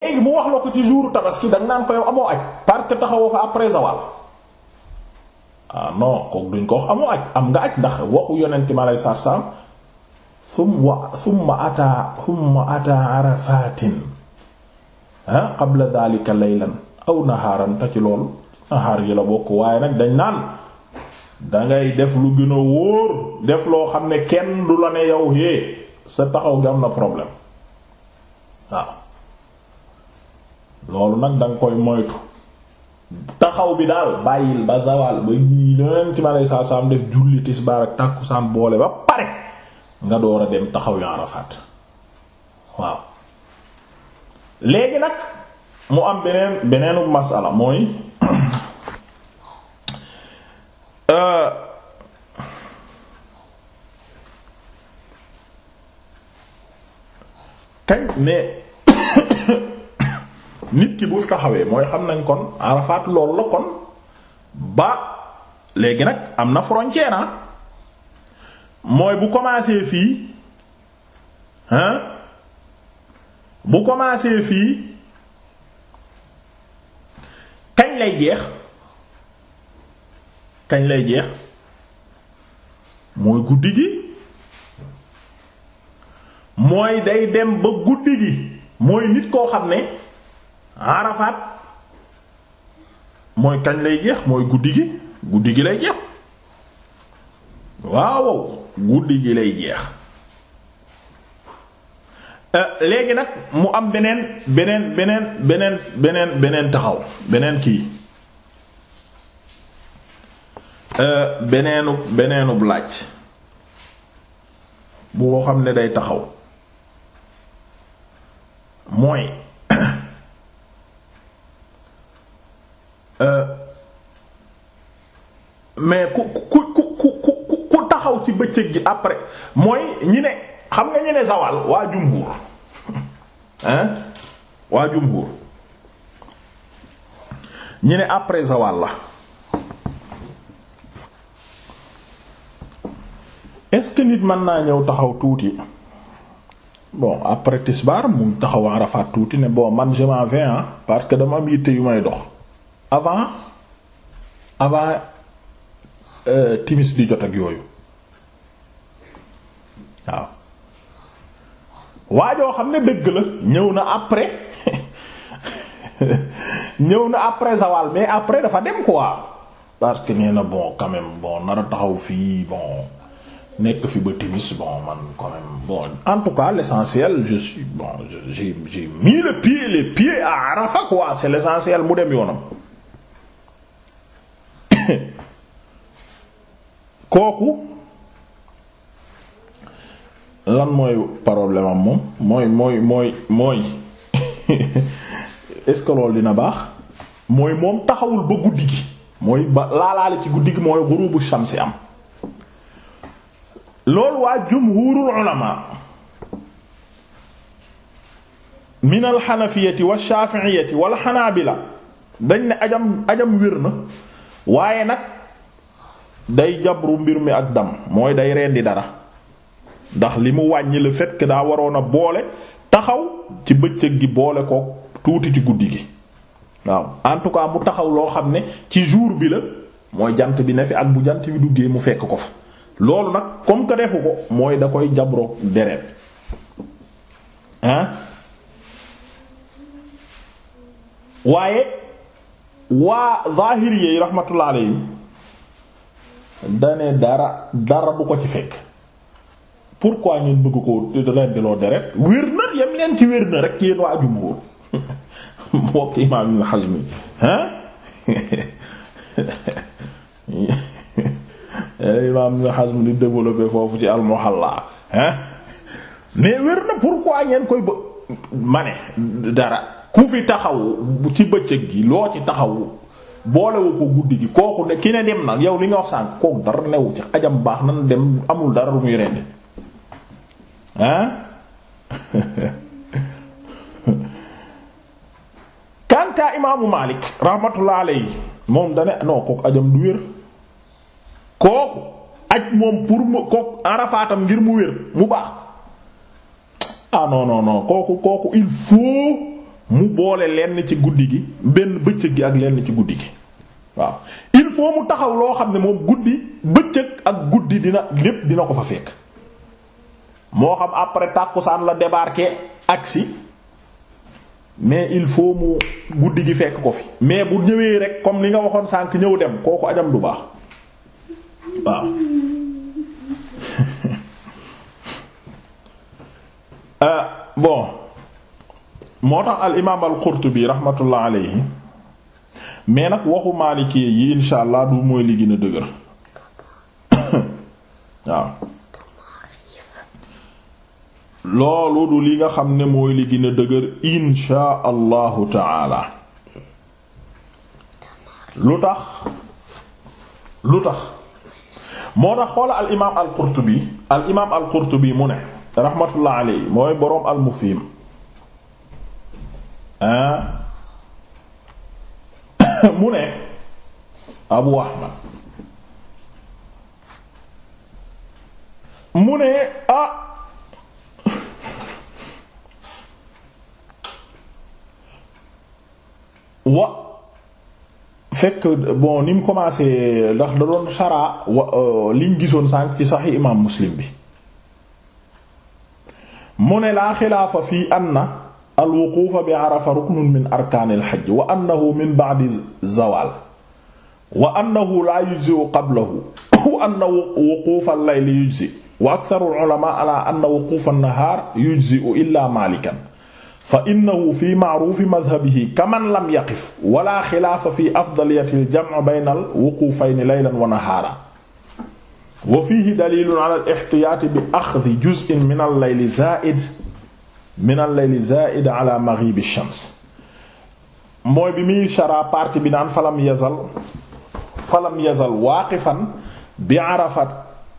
léegi mu wax la ko ci jour tabaski danga naan ko yow amoo aj parce que taxawoo fa après zawal ah non kooku duñ ko wax amoo aj am nga aj ndax waxu yonente mi alei sat salaam summa summa ata summa ata arafatin ah qabla dhalika laylan aw naharan ta ci lool nahaar yi la bokk waaye nag dañ naan dangay def lu gën a wóor def loo xam ne kenn du la ne yow hé sa taxaw gi am na problème waaw loolu nag danga koy moytu taxaw bi daal bàyyil ba zawal ba gii neen ci malay saa saam def julli tisbaar ak tàkkusaan boole ba pare nga door a dem taxaw yu Arafat waaw léegi nag mu am beneen beneenu masala mooy euh, kañ mais nit ki bu taxawee mooy xam nañ kon Arafat loolu la kon ba léegi nag am na frontière ah mooy bu commencé fii hein bu commencé fii kañ lay jeex kañ lay jeex mooy guddi gi mooy day dem ba guddi gi mooy nit koo xam ne Arafat mooy kañ lay jeex mooy guddi gi guddi gi lay jeex waaw guddi gi lay jeex euh, léegi nag mu am beneen beneen beneen beneen beneen taxaw beneen kii euh, beneenu beneenub laaj boo xam ne day taxaw mooy Euh, mais ku ku ku ku ku taxaw ci bëccëg gi après mooy ñi ne xam nga ñi ne zawal waa jumhur hein waa jumhur ñi ne après zawal la est-ce que nit mën naa ñëw taxaw tuuti bon après tisbaar mu taxaw rafaat tuuti ne boo man je m'en vais parce que dama am yitte yu may dox avant avant euh, timis di jot ak yooyu waaw joo xam ne dëgg la ñëw na après ñëw na après zawal mais après dafa dem quoi parce que nee na bon quand même bon nar a taxaw fii bon nekk fi ba timis bon man quand même bon en tout cas l'essentiel je suis bon j'ai j'ai mis le pied les pieds à Arafa quoi c'est l'essentiel mu dem yoonam kooku lan mooy problème am moom mooy mooy mooy mooy est-ce que loolu dina baax mooy moom taxawul ba guddi gi mooy ba laalaale ci guddi gi mooy ghurubu shamsi am loolu waa jumhurul ulama min alxanafiyati walshaafiiyati walxanaabila dañ ne ajam ajam wér na waaye nag day jabru mbir mi ak dam mooy day reen rendi dara ndax li mu wàññi la fekk daa waroon a boole taxaw ci bëccëg gi boole ko tuuti ci guddi gi waaw en tout cas mu taxaw loo xam ne ci jour bi la mooy jant bi ne fi ak bu jant bi duggee mu fekk ko fa loolu nag comme que defu ko mooy da koy jabroog deret waaye waa zahiri yi rahmatullah yi dane dara dara bu ko ci fekk pourquoi ñun bëgg ko leen di loo deret wér na yem leen ci wér na rek yéen waa jumhur mbokk imaam Ibn Hazm hein imaam Ibn Hazm di développé foofu ci al hein mais wér na pourquoi ngeen koy bë ma dara ku fi taxaw ci bëccëg gi loo ci taxawu boolewu ko guddi gi kooku ne ki ne dem na yow li nga wax sànq kooku dara newu ci ajam baax nan dem amul dara lu muy rendi ah kanta imaamu Malik rahmatullah alayhi moom dane non kooku ajam du wér kooku aj moom pour mu kooku arafaatam ngir mu wér mu baax ah non non non kooku kooku il faut mu boole lenn ci guddi gi benn bëccëg gi ak lenn ci guddi gi waaw il faut mu taxaw loo xam ne moom guddi bëccëg ak guddi dina lépp dina ko fa fekk moo xam après tàkkusaan la débarqué agsi mais il faut mu guddi gi fekk ko fi mais bu ñëwee rek comme li nga waxoon sànq ñëw dem koo ko ajam du baax waaw ah bon moo tax al imaam al qurtubi rahmatullah mais nag waxu maalikee yi insha allah du mooy li gën a dëgër waaw loolu du li nga xam ne mooy li gën a dëgër insha allahu lu tax lu tax moo tax xoola al imaam al qurtubi al imaam al qurtubi mu ne rahmatullah alayhi mooy boroom al mufhim mu ne abu ahmad mu ne ah wa fekk bon ni mu commencé ndax da doon saraa wa euh, liñ gisoon sànq ci sax imaam muslim bi mu ne laa xilaafa fii anna alwuquufa bi arafa ruknun min arkaanil xaj wa annahu min ba'di zawaal wa annahu laa yujzi'u qablahu wa anna wuquufal layli yujzi wa aktharul ulamaa alaa anna wuquufan nahaar yujzi'u illaa maalikan fa innahu fi ma'ruufi madhabihi kaman lam yaqif wala xilaafa fi afdaliyatil jam'i baynal wuquufayni laylan wa nahaaran wa fiihi daliilun alal ihtiyaati bi axdi juz'in minal layli zaa'id min al-layli zaa'id maghib ash-shams mooy bi muy shara partie bi naan falam yazal falam yazal waaqifan bi arafat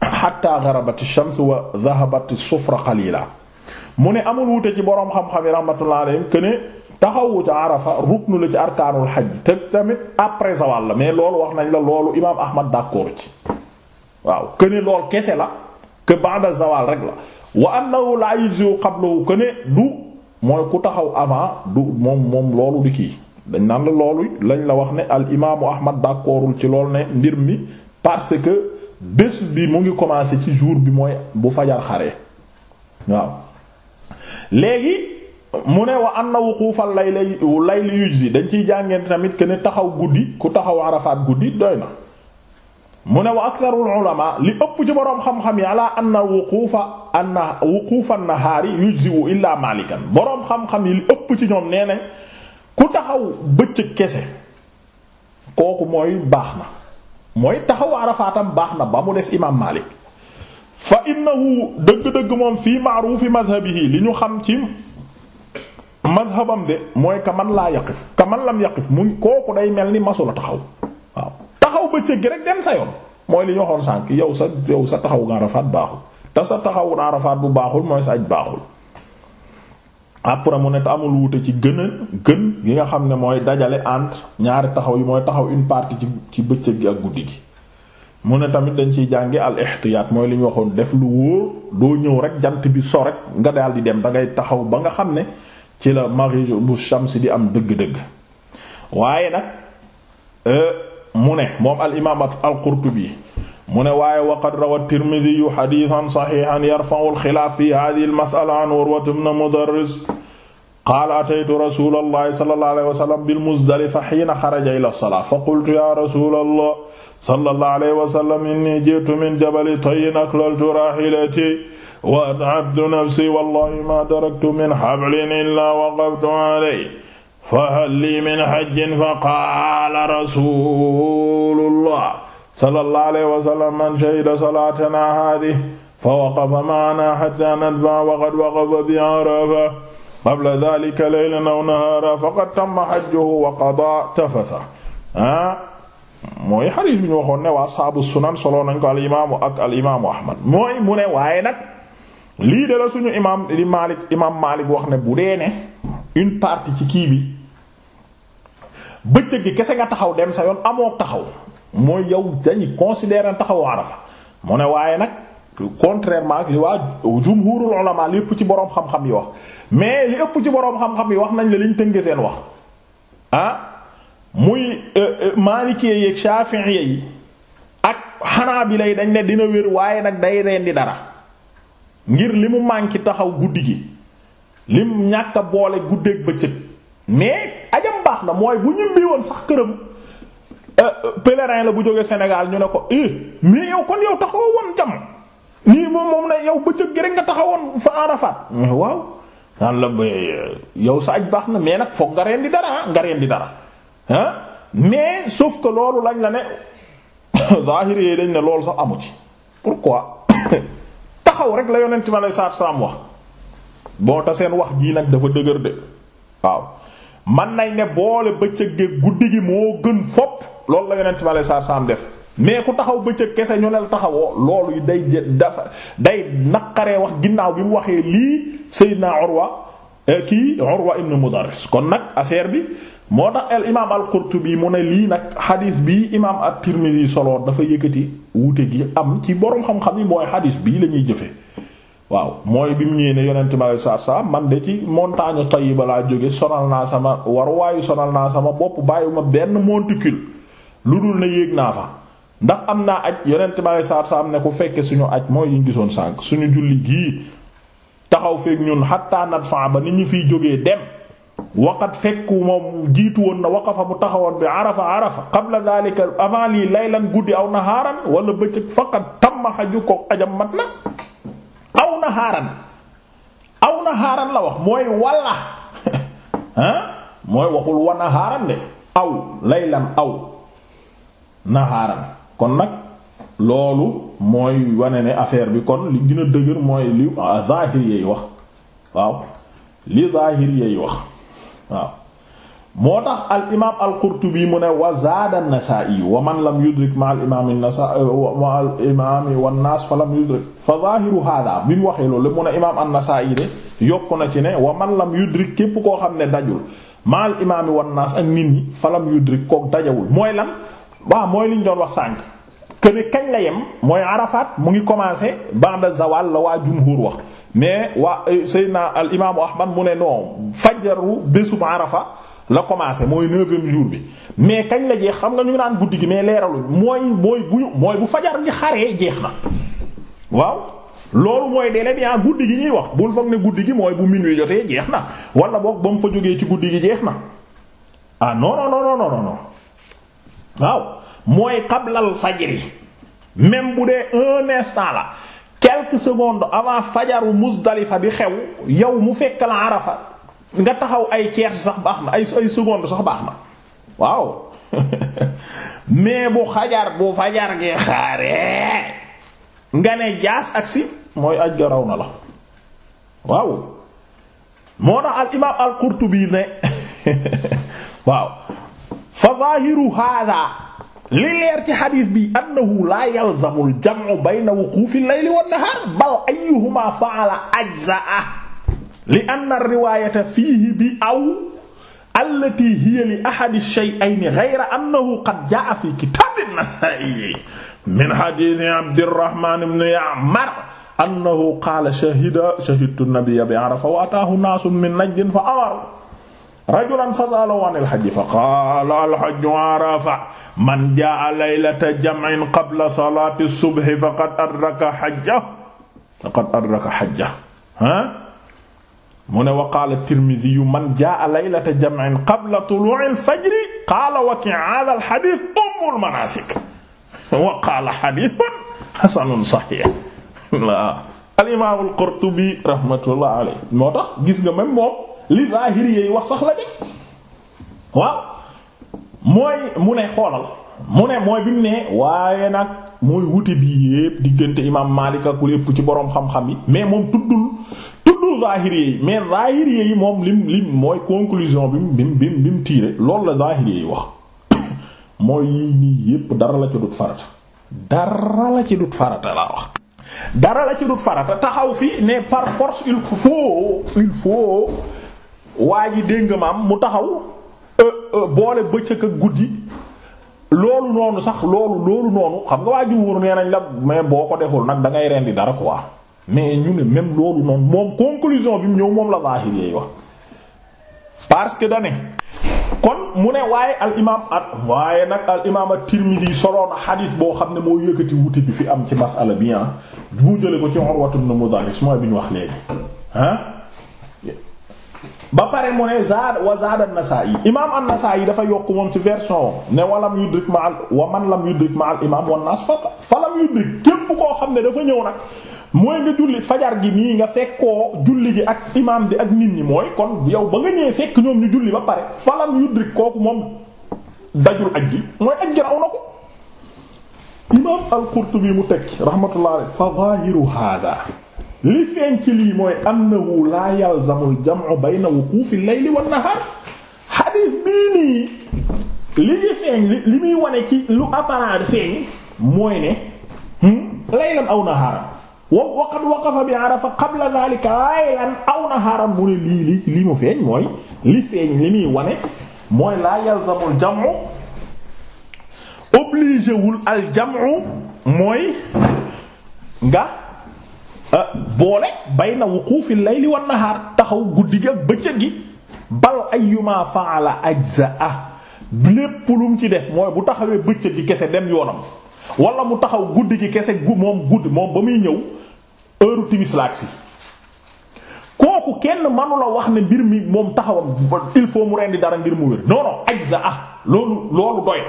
hatta gharabat ash-shams wa dhahabat sufra qalila mu ne amul wuute ci boroom xam-xam yi rahmatullahi alayhim que ne taxawu ca arafa la ci arkaanul xaj te tamit après zawal la mais lool wax nañ la loolu imaam Ahmad d'accord ci waaw que ne kese la que ba'da zawal rek la. wa annahu la yuzu qablu ko ne du mooy ku taxaw avant du moom moom loolu di kii dañ naan la loolu lañ la wax ne al imaamu ahmad d'accordul ci loolu ne mbir mi parce que bés bi mu ngi commencé ci jour bi mooy bu fajar xare waaw léegi mu ne wa anna xuufal lay lay lay li yi dañ ciy jàngeen tamit que ne taxaw guddi ku taxaw arafaat guddi doy na mu ne wa aktharul ulama li ëpp ci boroom xam-xam yi ala anna wuquufa anna wuquufa nahaari yujzi'u illa malikan boroom xam-xam yi li ëpp ci ñoom nee nañ ku taxaw bëccëg kese kooku mooy baax na mooy taxaw arafaatam baax na ba mu des imaam Maalik fa innahu dëgg-dëgg moom fii ma'ruufi madhabihi li ñu xam ci madhabam de mooy ka man laa yaqif ka man lam yaqif mu kooku day mel ni masula taxaw bëccëg gi rek dem sa yoon mooy li ñu waxoon sànk yow sa yow sa taxaw nga rafaat baaxul te sa taxawu naa rafaat bu baaxul mooy sa aj baaxul après mu ne te amul wuute ci gën a gën gi nga xam ne mooy dajale entre ñaari taxaw yi mooy taxaw une partie ci ci bëccëg gi ak guddi gi mu ne tamit dañ ciy jànge al mooy li ñu waxoon def lu wóor doo ñëw rek jant bi so rek nga daal di dem da ngay taxaw ba nga xam ne ci la marige bu shams di am dëgg-dëgg waaye nag euh, mu ne moom al imaam al-Qurtubi mu ne waaye waqad rawa Tirmidhi xadiisan saxiixan yarfa'u al-xilaaf fi haadihi al-mas'ala an Urwa ibn Mudarris qaala ataytu rasuulallahi sallallahu alayhi wa sallam bil-Muzdalifa hiina xaraja ila as-salaa fa qultu yaa rasuulallah sallallahu alayhi wa sallam inni ji'tu min jabali Tayyin aklaltu raahilatii wa at'abtu nafsii wallaahi maa daraktu min hablin illaa waqaftu alayhi fahal lii min hajjin fa qaala rasulullah sallallahu alayhi wa sallam man shahida salaatanaa haadihi fa waqafa ma'anaa hattaa nadfa'a wa qad waqafa bi Arafa qabla dhaalika laylan aw nahaaran faqad tamma hajjuhu wa qadaa tafathahu ah mooy xadiis bi ñu waxoon ne waa saabu sunan solo nañ ko al imaamu ak al imaamu Ahmad mooy mu ne waaye nag lii de la suñu imaam li Maalik imaam Maalik wax ne bu dee ne une partie ci kii bi bëccëg gi kese nga taxaw dem sa yoon amoo taxaw mooy yow dañuy considérer taxawu arafa mu ne waaye nag contrairement ak li waa jumhurul ulama li ëpp ci boroom xam-xam yi wax mais li ëpp ci boroom xam-xam yi wax nañ la liñ tënge seen wax ah muy euh, euh, maalikee yeeg shafi'i yi ak bi yi dañ ne dina wér waaye nag day reen di dara ngir li mu manqué taxaw guddi gi lim ñàkk a boole guddeeg bëccëg mais ajam baax na mooy bu ñibbi woon sax këram euh, euh, pèlerin la bu jógee Sénégal ñu ne ko eh mais yow kon yow taxawoo woon jam nii moom moom ne yow bëccëg gi rek nga taxawoon fa Arafat waaw. naan la euh, yow sa aj baax na mais nag foog nga reen di dara nga reen di dara ah mais sauf ko loolu lañ la ne zahiri yi dañ ne loolu sax amu ci pourquoi taxaw rek la yonent ma lay saat saam wax. boo ta seen wax jii nag dafa dëgër de waaw man nañ ne boole bëccëg gi guddi gi moo gën fopp loolu la yonent ma lay saa def mais ku taxaw bëccëg kese ñu ne taxawoo loolu yi day dafa day naqaree wax ginnaaw bi mu waxee lii Seydina Urwa eh, kii Urwa ibn Mudarris kon nag affaire bi moo tax al imaam al-Qurtubi mu ne lii nag xadis bi imaam at-Tirmidhi solo dafa yëkkati wuute gi am ci borom xam-xam yi mooy xadis la ñuy jëfee. waaw mooy bi mu ñëwee ne yonent saa saa man de ci montagne Tayyiba laa jóge sonal naa sama waruwaayu sonal naa sama bopp ma benn monticule lu dul ne yéeg naa fa ndax am naa aj yonent ma saa saa am ne ku fekke suñu aj mooy yu ñu gisoon sànq suñu julli gii taxaw feeg ñun xattaa nat fa ba nit ñu fiy jógee dem waqat fekku moom jiitu woon na waqafa bu taxawoon bi arafa arafa qabla dhalika avant lii laylan guddi aw nahaaran wala bëccëg faqat tamma ko ajam mat na aw na xaaran aw na xaaran la wax mooy walla ah mooy waxul wa na xaaran de aw laylan aw na xaaran kon nag loolu mooy wane ne affaire bi kon li gën a dëgër mooy li ah, zahir yay wax waaw li zahir yay wax waaw moo tax al imaam al qurtubi mu ne wa zaada an-nasaa'i wa man lam yudrik ma al imaam an-nasaa'i wa al imaami wan naas fa lam yudrik fa zaahiru haadaa bi mu waxee loolu mu ne imaam an-nasaa'i de yokk na ci ne wa man lam yudrik képp koo xam ne dajul ma al imaami wan naas ak nit ñi fa lam yudrik kook dajawul mooy lan waaw mooy li ñu doon wax sànq. këne kañ la yem mooy Arafat mu ngi commencé ba'da zawal la waa jumhur wax mais waa euh, Seydina al imaamu Ahmad mu ne non fajaru bésub Arafa. la commencé mooy neuvième jour bi mais kañ la jeex xam nga ñu naan guddi gi mais leeralu mooy mooy bu mooy bu fajar gi xaree jeex na waaw loolu mooy délai bi ah guddi gi ñuy wax bul foog ne guddi gi mooy bu minuit jotee jeex na wala boog ba mu jógee ci guddi gi jeex na ah non non non non non même bu dee un instant la quelques secondes avant fajaru Muzdalifa di xew yow mu fekk la Arafa. nga taxaw ay ceex sax baax na ay ay seconde sax baax na waaw mais bu xajar bu fajar gi xaaree nga ne jaas ak si mooy aj garaw na la waaw moo tax al al qurtubi ne waaw fa zahiru hada li leer ci xadiis bi annahu la yalzamu al jam'u bayna wuqufi al layli bal ayyuhuma fa'ala ajza'a li anna riwaayata fiihi bi aw allati hiya li ahadi shay'ayni ghayra annahu qad jaa'a fi kitaab an-Nasaa'i min hadiisi Abdirrahmaan ibn Ya'mar annahu qaala shahida shahidtu an-nabiyya bi Arafa wa ataahu naasun min Najd fa amaru rajulan fas'alahu an al-hajji fa qaala al-hajju Arafa man jaa'a laylata jam'in qabla salaati as-subhi faqad adraka hajjahu faqad adraka hajjahu ha mu ne wa qaala Tirmidi yu man jaa laylata jam'in qabla tuluu'il fajri qaala wa ki haadha al-hadiith ummul manaasik wa qaala hadiithun hasanun sahiih la al-imaam al-Qurtubi rahmatullah alayhi moo tax gis nga même moom li zaahiri yi wax sax la de waaw mooy mu ne xoolal mu ne mooy bi mu ne waaye nag mooy wute bi yépp diggante imaam Maalik ak lépp ci boroom xam-xam yi mais moom tuddul. zaahiriye yi mais zaahiriye yi moom li lim mooy conclusion bi mu bi mu mu tiire loolu la zaahiriye yi wax mooy yii nii yépp dara la ci dut farata dara la ci dut farata laa wax dara la ci dut farata taxaw fi ne par force il faut waa ji dégg maam mu taxaw euh, euh, boole bëccëg ak guddi loolu noonu sax loolu loolu noonu xam nga waa ji wóor nee nañ la mais boo ko deful nag dangay rendi dara quoi. mais ñu ne même loolu noonu moom conclusion bi mu ñëw moom la zaahir yi wax parce que dane kon mu ne waaye al imaam at waaye nag al imaam yi tirmidhi soloon xadiis boo xam ne moo yëkkati wuute bi fi am ci masala bi ah bu jële ko ci Urwatu ibn Mudaris mooy bi ñu wax léegi ah ba pare mu ne zaad wa zaad an yi imaam an-Nasaa'i dafa yokk moom ci version ne walam yudrik ma al wa man lam yudrik ma al imaam wan naas fa falam yudrik képp koo xam ne dafa ñëw nag mooy nga julli fajar gi nii nga fekkoo julli gi ak imaam bi ak nit ñi mooy kon yow ba nga ñëwee fekk ñoom ñu julli ba pare falam yudrik kooku moom dajul aj gi mooy aj gi raw na ko imaam al-Qurtubi mu tekki rahmatullah alayhi fa zahiru ci lii mooy annahu laa yalzamu al-jam'u bayna wuqufi al-layli wan-nahar xadiis bii nii li ngi feeñ li muy wane ci lu apparent feeñ mooy ne hmm, laylan aw nahaar wa waqad waqafa bi arafa qabla dhalika laylan aw naharan mu ne lii li li mu feeñ mooy li feeñ li muy wane mooy laa yalzamul jam'u obligé wul al jam'u mooy nga euh, boole bayna wuqufil layli wan nahaar taxaw guddi gi ak bëccëg gi bal ayyuma fa'ala ajza'a lépp lu ci def mooy bu taxawee bëccëg gi kese dem yoonam wala mu taxaw guddi gi kese gu moom guddi moom ba muy ñëw heure timis la agsi kooku kenn manula wax ne mbir mi moom taxawam il faut mu rendi dara ngir mu wér non non ah loolu loolu doy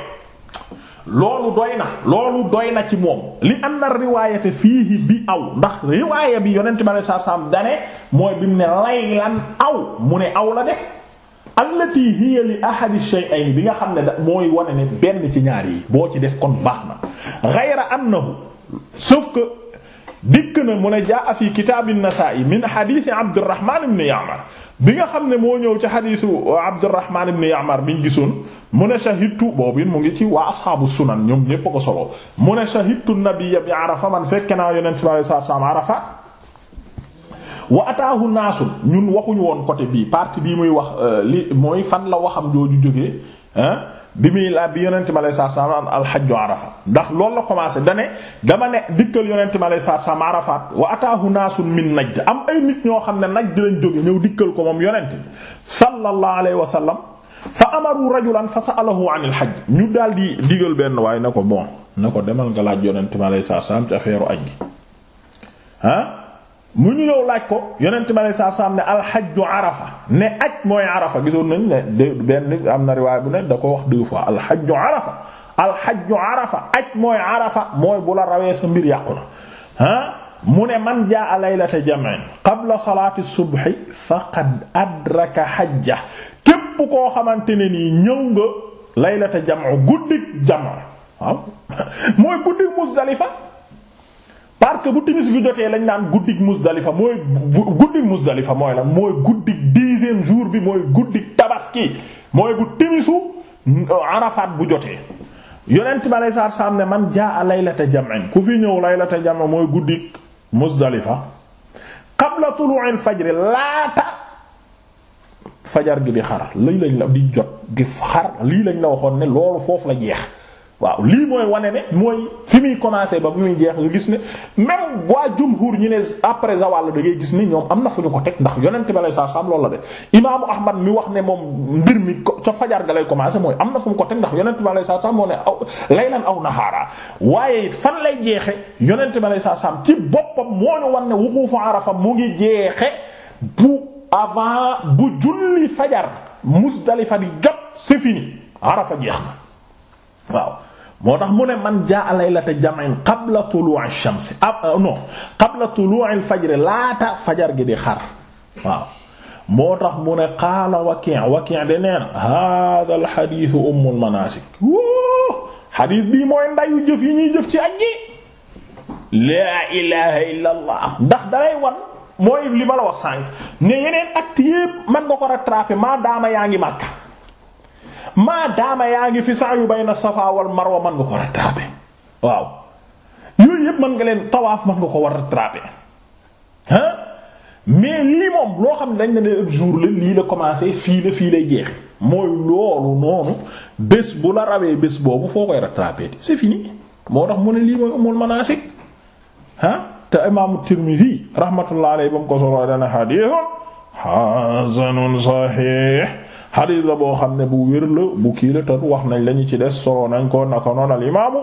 loolu na loolu doy na ci moom li anna riwaayate fiihi bi aw ndax riwaaya bi yonent bi saa saam dane mooy bi ne laylan aw mu ne aw la def allati hiya li ahadi shay'ayn bi nga xam ne mooy wane ne benn ci ñaar yi boo ci def kon baax na ghayra annahu sauf que dikk na mu ne jaa fi kitaabi nasaa'i min xadiisi Abdurrahman ibn Ya'mar bi nga xam ne moo ñëw ci xadiisu uh, Abdurrahman ibn Ya'mar biñ gisoon mu ne shahidtu boobu it mu ngi ci waa ashaabu sunan ñoom ñépp ko solo mu ne shahidtu nabiyya bi Arafa man fekke naa yonent bi sallallahu alayhi wa sallam Arafa wa ataahu naasul ñun waxuñu woon côté bii partie bii muy wax uh, li mooy fan la waxam jooju jógee ah bi muy laaj bi yonente mi aleyhi salaatu salaam alxajju arafa ndax loolu la commencé dane dama ne dikkal yonente mi aleyhi sa salaam arafaat wa ataahu naasun min najd am ay nit ñoo xam ne najd lañ jóge ñëw dikkal ko moom yonente bi sallallahu alayhi wa sallam fa amaru rajulan fa sa'alahu anil hajj ñu daal di digal benn waaye ne ko bon ne ko demal nga laaj yonente mi aleyhi salaatu salaam ci affaire aj gi mu ñu ñëw laaj ko yonent bi aleyhi salaatu salaam ne alxajju arafa ne aj mooy arafa gisoon nañ ne benn am na riwaay bu ne da ko wax deux fois alxajju arafa alxajju arafa aj mooy arafa mooy bu la rawee sa mbir yàqu na ah mu ne man jaa laylata jam'in qabla salaati subhi faqad adraka xajja képp koo xamante ne nii ñëw nga laylata jam'u guddik jam'u waaw mooy guddik Muzdalifa parce que bu timis bi jotee lañ naan guddik Muzdalifa mooy guddik Muzdalifa mooy lan mooy guddik dixième jour bi mooy guddik tabaski mooy bu timisu euh, Arafat bu jotee yonent bi aleyhi salaatu salaam ne man jaa laylata jam'in ku fi ñëw laylata jam'in mooy guddik Muzdalifa qabla tulu'il fajr laata fajar gi di xar lii lañ la di jot di xar lii lañ la waxoon ne loolu foofu la jeex waaw lii mooy wane ne mooy fi muy commencé ba bu muy jeex nga gis ne même waa jumhur ñu ne après zawal da ngay gis ni ñoom am na fu ñu ko teg ndax yonent bi lay saa saam loolu la de imaamu Ahmad mi wax ne moom mbir mi ca fajar ga lay commencé mooy am na fu mu ko teg ndax yonent bi lay saa moo ne aw laylan aw nahaara waaye it fan lay jeexe yonent bi lay saa saam ci boppam moo ñu wan ne wuqufu Arafa mu ngi jeexe bu avant bu julli fajar Muzdalifa di jot c'est fini Arafa jeex na waaw moo tax mu ne man jaa laylata jam'in qabla tulu'i ash-shams ah euh, non qabla tulu'i laata fajar gi di xar waaw moo tax mu ne qaala Waki' Waki' de nee na haadha al yi ñuy jëf ci aj gi laa ilaha allah ndax dalay wan mooy li ma la wax sànq ne yeneen actes yépp mën nga ko rattraper maa daama yaa ngi Makka maadaama yaa ngi fi sa'yu bayna safa wal marwa mën nga ko rattraper waaw yooyu yëpp man nga leen tawaaf mën nga ko war rattraper hein mais lii moom loo xam ne dañ ne jour la lii la commencé fii fii lay jeex mooy loolu noonu bés bu la rawee bés boobu foo koy si c'est fini moo tax mu ne lii mooy umul manasik ah te imaamu Tirmidhi rahmatullah alayhi ba mu ko solo dana hadithun hasanun sahih xadiis la boo xam ne bu wér bu kii la tan wax nañ lañu ci des solo nañ ko naka noon al imaamu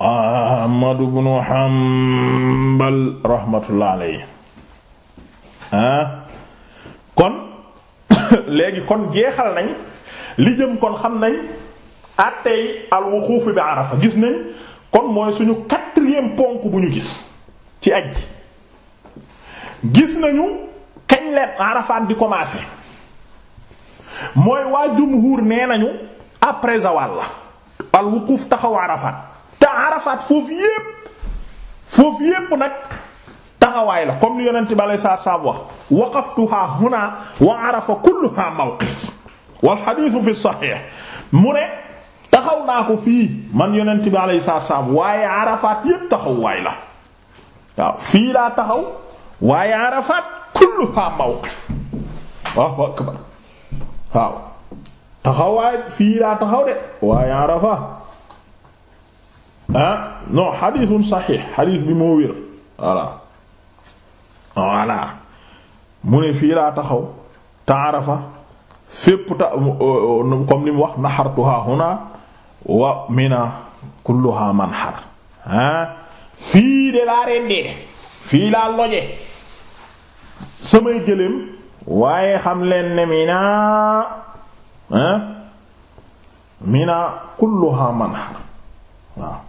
Ahmad ibn Hanbal rahmatullah alayhi ah, kon léegi kon jeexal nañ li jëm kon xam nañ àttey al wuxuuf bi Arafa gis nañ kon mooy suñu quatrième ponk bu ñu gis ci aj gis nañu kañ leen Arafat di commencer mooy waa jumhuur nee nañu après zawal la al wuquf taxaw Arafat te Arafat foofu yépp foofu yépp nag taxawaay la comme li yonent ba lay saa saab wax waqaftuha huna wa arafa kulluha mawqif wal mu ne taxaw naa ko fii man yonent bi alayhi salaatu salaam waaye arafaat yépp taxaw waay la waaw fii laa taxaw waaye arafaat kulluha mawqif Allahu waaw taxawaay fii laa taxaw de waaye Arafa ah non xadiisun saxiix xadiis bi moo wér voilà voilà mu ne fii laa taxaw te Arafa fépp ta euh, euh, comme ni mu wax naxartuha huna wa mina kulluha manxar ah fii de laa rendee fii laa loje samay gëléem waaye xam leen ne Mina ah Mina kulluha manhar waaw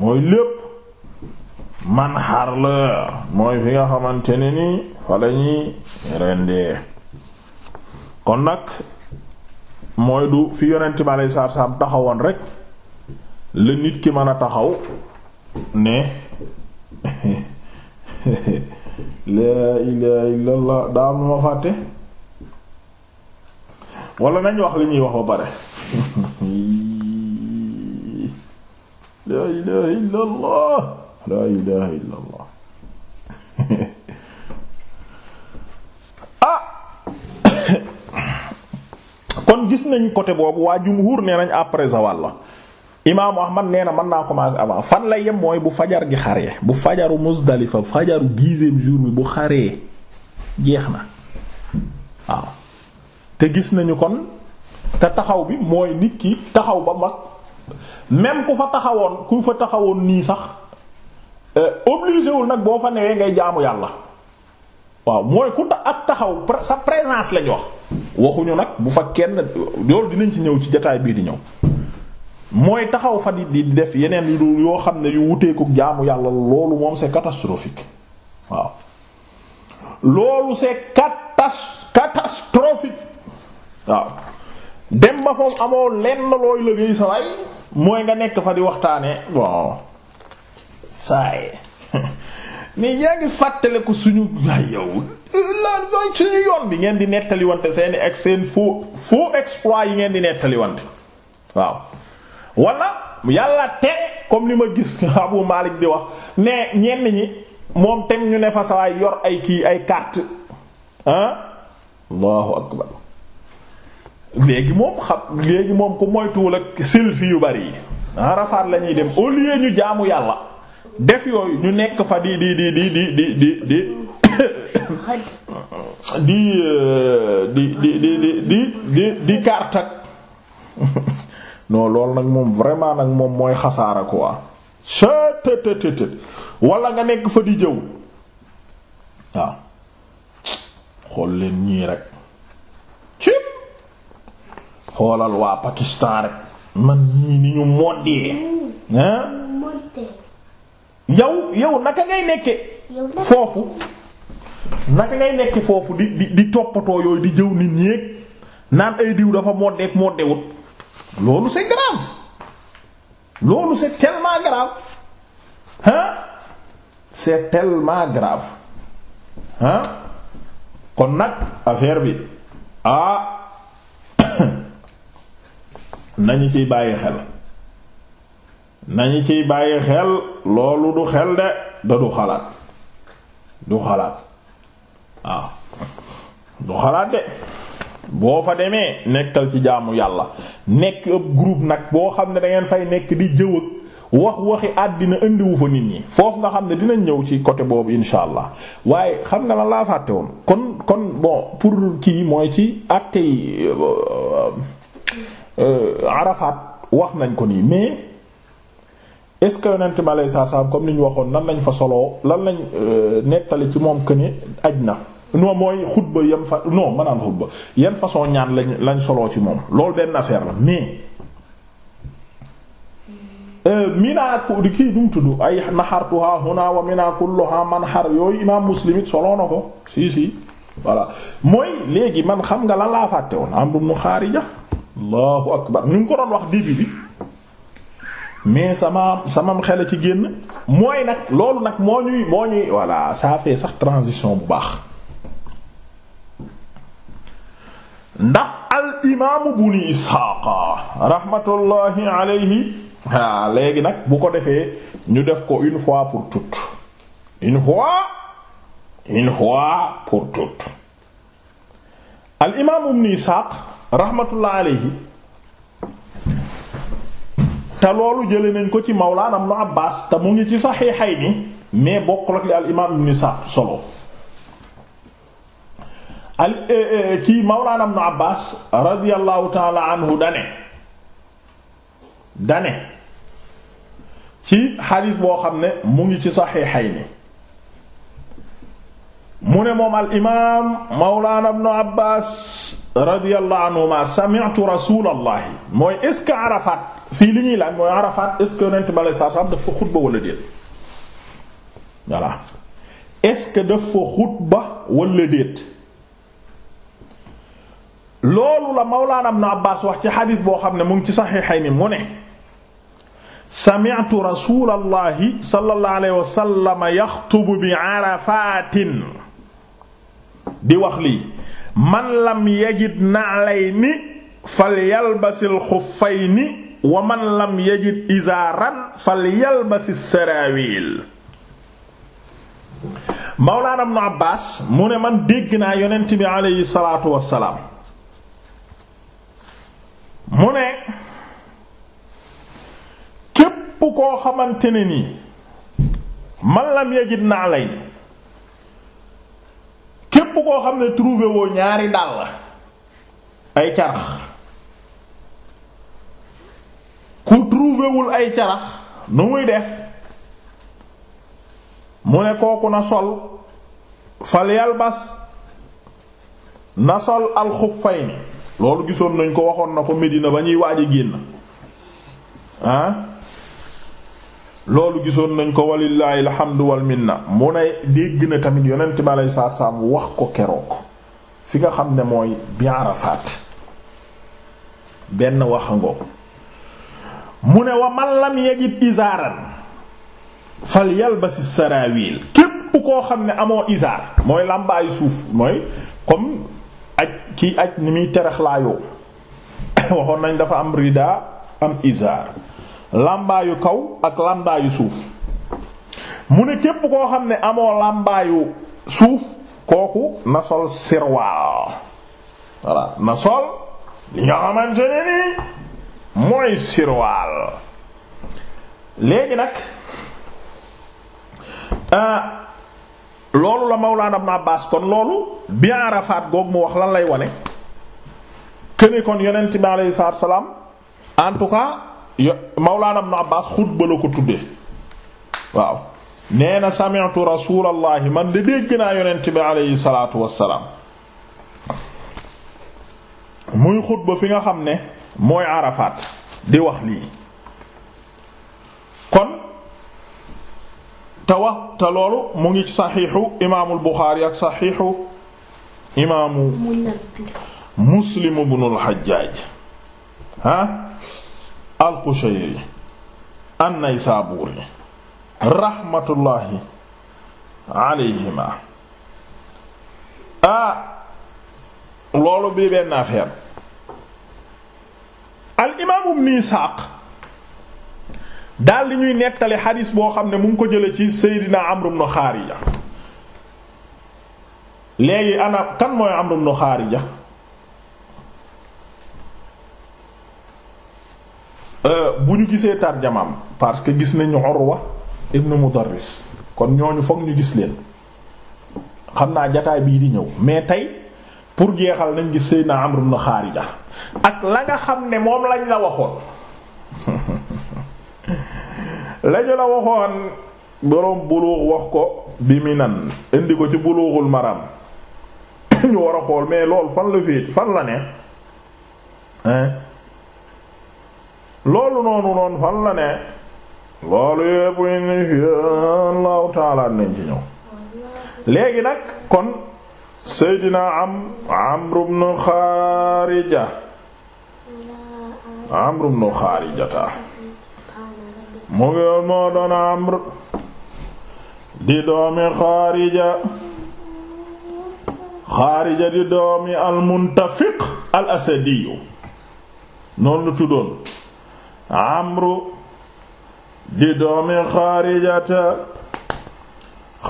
mooy lépp manhar la mooy fi nga xamante ne ni fa la ñuy rendee kon nag mooy du fi yonent bi aleyhi salaatu salaam taxawoon rek la nit ki mën a taxaw ne laa ilaha illallah daa am fàtte wala nañ wax li ñuy wax ba pare laa ilaha illallah laa ilaha illallah ah kon gis nañ côté boobu waa jumhur nee nañ après zawal la imaamu ahmad nee na mën naa commencer avant fan la yem mooy bu fajar gi xaree bu fajaru Muzdalifa fajaru dixième jour bi bu xaree jeex na waaw te gis nañu kon te taxaw bi mooy nit ki taxaw ba mag même ku fa taxawoon ku fa taxawoon nii sax euh, obligé wul nag boo fa newee ngay jaamu yàlla waaw mooy ku ak taxaw sa présence lañ wax waxuñu nag bu fa kenn loolu dinañ ci ñëw ci jotaay bii di ñëw mooy taxaw fa di def yeneen yu yoo xam ne yu wuteeku jaamu yàlla loolu moom c'est catastrophique waaw loolu c'est catas waaw dem ba foofu amoo lenn looy liggéey sa waay mooy nga nekk fa di waxtaanee bon saay mais yaa ngi fàttaliku suñu ay yow la suñu yoon bi ngeen di nettaliwante seeni ak seen faux faux exploit yi ngeen di nettaliwante waaw. wala yàlla tere comme li ma gis Abu Malik di wax ne ñenn ñi moom tem ñu ne fa sawaay yor ay kii ay carte allahu akbar léegi moom xam léegi moom ku moytuwul ak selfie yu bari yi Arafat la ñuy dem au lieu ñu jaamu yàlla def yooyu ñu nekk fa di di di di di di di di di di di di di di di carte ak non loolu nag moom vraiment nag moom mooy xasaara quoi chetëtëtëtët walla nga nekk fa di jëw waaw xool leen ñii rek ci xoolal waa Pakistan rek man ñii ni ñu moddee yow yow naka ngay nekke foofu naka ngay nekke foofu di di di toppatoo yooyu di jëw nit ñéeg naan ay diw dafa moddeek moddewut loolu c'est grave loolu c'est tellement hein c'est tellement hein kon nag affaire bi ah nañu ciy bàyyi xel nañu ciy bàyyi xel loolu du xel de du xalaat du xalaat waaw du xalaat de boo fa demee nekkal ci jaamu yàlla nekk ab groupe nag boo xam ne dangeen fay nekk di jëw wax waxi àddina indiwu fa nit ñi foofu nga xam ne dinañ ñëw ci côté boobu insha allah waaye xam nga lan laa fàtte woon kon kon bon pour kii mooy ci àtte yi euh, euh, Arafat wax nañ ko nii mais est-ce que yonent mi alayhi salaam comme ni ñu waxoon nan lañ fa solo lan lañ euh, nettali ci moom que ne aj na. no mooy xutba yam fa non manaan xutba yan façon ñaan lañ lañ soloo ci moom loolu benn affaire la mais euh, mina di kii dum tudd ay naxartuha huna wa mina kulluha man xar yooyu imam muslim it soloo na ko si si voilà mooy léegi man xam nga lan laa fàtte woon amru ibn xaarija allahu akbar ñu ngi ko doon wax début bi mais sama samam xel ci génn mooy nag loolu nag moo ñuy moo ñuy voilà ça fait sax transition bu baax ndax al imaamu buni isxaaqa rahmatullahi alayhi waa léegi nag bu ko defee ñu def ko une fois pour toutes une fois une fois pour toutes al imaamu buni isxaaq rahmatullahi alayhi te loolu jële nañ ko ci mawlaana ibnu abbaas te mu ngi ci saxiixayni mais bokkul ak li al imaam buni isxaaq solo al eh, eh, kii Mawlana ibn Abbas radiyallahu taala anhu dane dane ci xadiis boo xam ne mu ngi ci saxiixayni mu ne moom al imaam Mawlana ibn Abbas radiyallahu anhuma sami'tu rasulallahi mooy est-ce fii li ñuy laaj mooy Arafat est-ce que yonent bi alayhi xutba wala déet voilà est-ce que dafa xutba wala déet. loolu la Mawlaana Ibn wax ci xadiis boo xam ne mu ngi ci Saxiixayni mu ne sami'tu rasuulallahi sallallahu alayhi wa sallam yaxtubu bi arafaatin di wax lii man lam yajid na'layni falyalbasil xuffayni wa man lam yajid izaaran falyalbasi saraawiil Mawlaana Ibn Abbaas mu ne man dégg naa yonent bi alayhi salaatu mu ne képp koo xamante ne nii man lam yajid naa lay képp koo xam ne trouvé woo ñaari dàll ay carax ku trouvé ay carax nu muy def mu ne kooku na sol fal na sol alxuffayni loolu gisoon nañ ko waxoon na ko Medina ba ñuy waaj génn ah loolu gisoon nañ ko walillahi alhamdu wal minna mu ne dégg na tamit yonent bi aleyhi salaatu mu wax ko keroog fi nga xam ne mooy bi Arafat benn waxango mu ne wa malam lam yajid izaaran fal yalbasi saraawil képp koo xam ne amoo izaar mooy làmbaayu suuf mooy comme aj kii aj ni muy terexlaayoo waxoon nañ dafa am rida am izaar làmbaayu kaw ak làmbaayu suuf mu ne képp koo xam ne amoo làmbaayu suuf kooku na sol sirwaal voilà na sol li nga xamante ne ni mooy sirwaal léegi nag euh, loolu la Mawlaana Ibn Abbaas kon loolu bi Arafat goog mu wax lan lay wone këne kon yonent bi alayhi salaatu salaam en tout cas Mawlaana Ibn Abbaas xutba la ko tuddee waaw nee na sami'tu rasuulallahi man de dégg naa yonent bi alayhi salaatu salaam muy xutba fi nga xam ne mooy Arafat di wax lii kon te wax loolu mu ngi ci saxiixu imaamul Buxaari ak saxiixu imaamu Muslim ibnul Hajjaaj ah al-Qushayri an-Naysaabuuri rahmatullahi alayhima loolu bi benn affaire al imaamu Ibnu Isaaq daal li ñuy nettali xadiis boo xam ne mu ngi ko jële ci Seydina Amr ibn Xaarija léegi ana kan mooy Amr ibn Xaarija euh, bu ñu gisee tarjamaam parce que gis nañu Urwa ibn Mudarris kon ñooñu fokk ñu gis leen xam naa jataay bii di ñëw mais tey pour jeexal nañ gis Seydina Amr ibn Xaarija ak la nga xam ne moom lañ la waxoon lañu la waxoon boroom buluux wax ko bi mi nan indi ko ci buluuxul maram ñu war a xool mais lool fan la féet fan la ne hein loolu noonu noonu fan la ne loolu yépp insha allahu taala nañ ci ñëw léegi nag kon seydina am amru ibn xaarija amru ibn xaarijata mu ngi woon moo doon Amr di doomi Xaarija Xaarija di doomi al-Muntafiq al-Asadiyu noonu lu Amru di doomi Xaarijata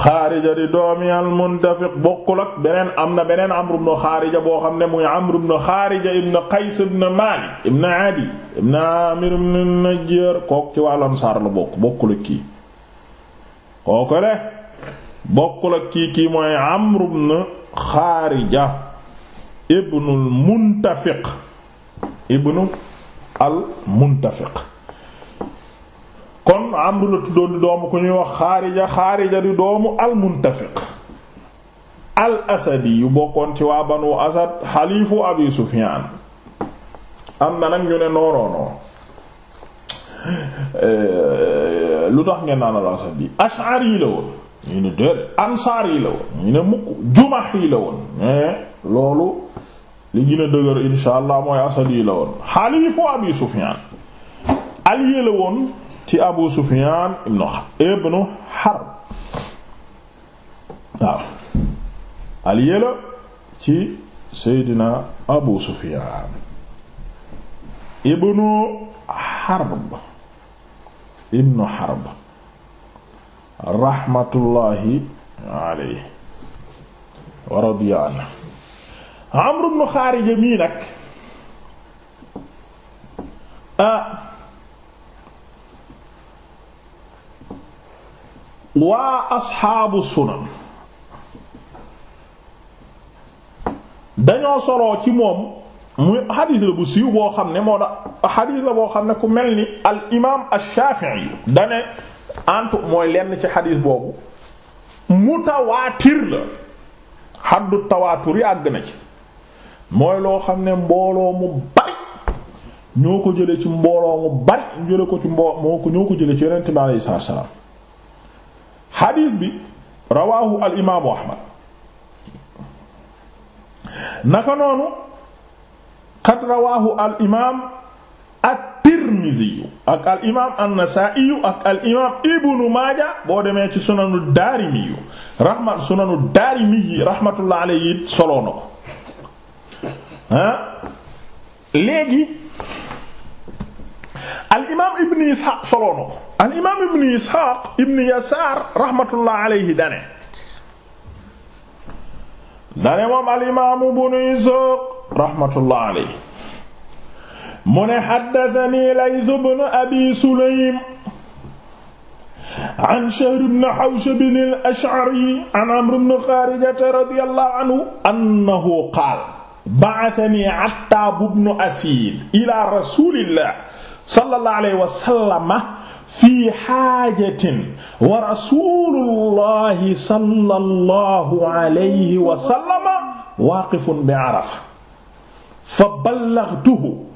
Xaarija di doomi al-Muntafiq bokkul beneen am na beneen Amru ibn Xaarija boo xam ne muy Amru ibn Xaarija ibn Qays ibn Maalik ibn Adi ibn Amir ibn ci waa Ansaar la bokk bokkul ak kii bokkul ak kii kii mooy Amr ibn Xaarija ibnul ibnu al Muntafiq kon Amr la tuddoon di doomu ku ñuy wax Xaarija Xaarija di doomu al Muntafiq al Asadi yu bokkoon ci waa Banu Asad xaliifu Abi Sufyaan am na nag ñu ne non eh, lu tax ngeen naan al asadi ash'ari la woon ansaari la woon ñu ne la woon eh, loolu li gën a dëgër insha allah mooy asadi la woon xaalifu abi sufyan allié la woon ci abu sufyan ibnu harb waaw la ci seydina abu sufyan ibnu Harb ibnu Harb raxmatullaahi alayhi wa radiya anhu Amru ibnu Xaarija mii nag waa asxaabu sunan dañoo soloo ci moom muy xadis la bu siiw boo xam ne moo tax xadis la boo xam ne ku mel ni al imaam ash-Shafi'i dane antu mooy lenn ci xadis boobu mutawaatir la xaddu tawaatur yi àgg na ci mooy loo xam ne mbooloo mu bari ñoo ko jëlee ci mbooloo mu bari ko ci mboo moo ko ñoo ko jëlee ci yonent bi alayhi salaatu bi rawaahu al imaamu Ahmad naka noonu qad rawaahu al imaam at-Tirmidhi ak al imaam an-Nasa'i ak al imaam Ibnu Maaja boo demee ci sunanu Daarimi rahmat sunanu Daarimi rahmatullah alayhi soloo na ko ah léegi al imaam Ibnu Isxaaq soloo na ko al imaam Ibnu Isxaaq Ibnu Yasaar rahmatullah alayhi dane dane moom alimaamu bunu Isaaq rahmatullah aley mu ne xaddatani Layth ibn Abi Sulaym an Shahr ibn Hawshab al-Ash'ari an Amr ibn Xaarijata radiyallahu anhu annahu qaala ba'athani Attaab ibn Asiid ilaa rasuulillah sallallahu alayhi wa sallam fii xaajatin wa rasulullahi sallallahu alayhi wa sallama waaqifun bi arafa fa ballaghtuhu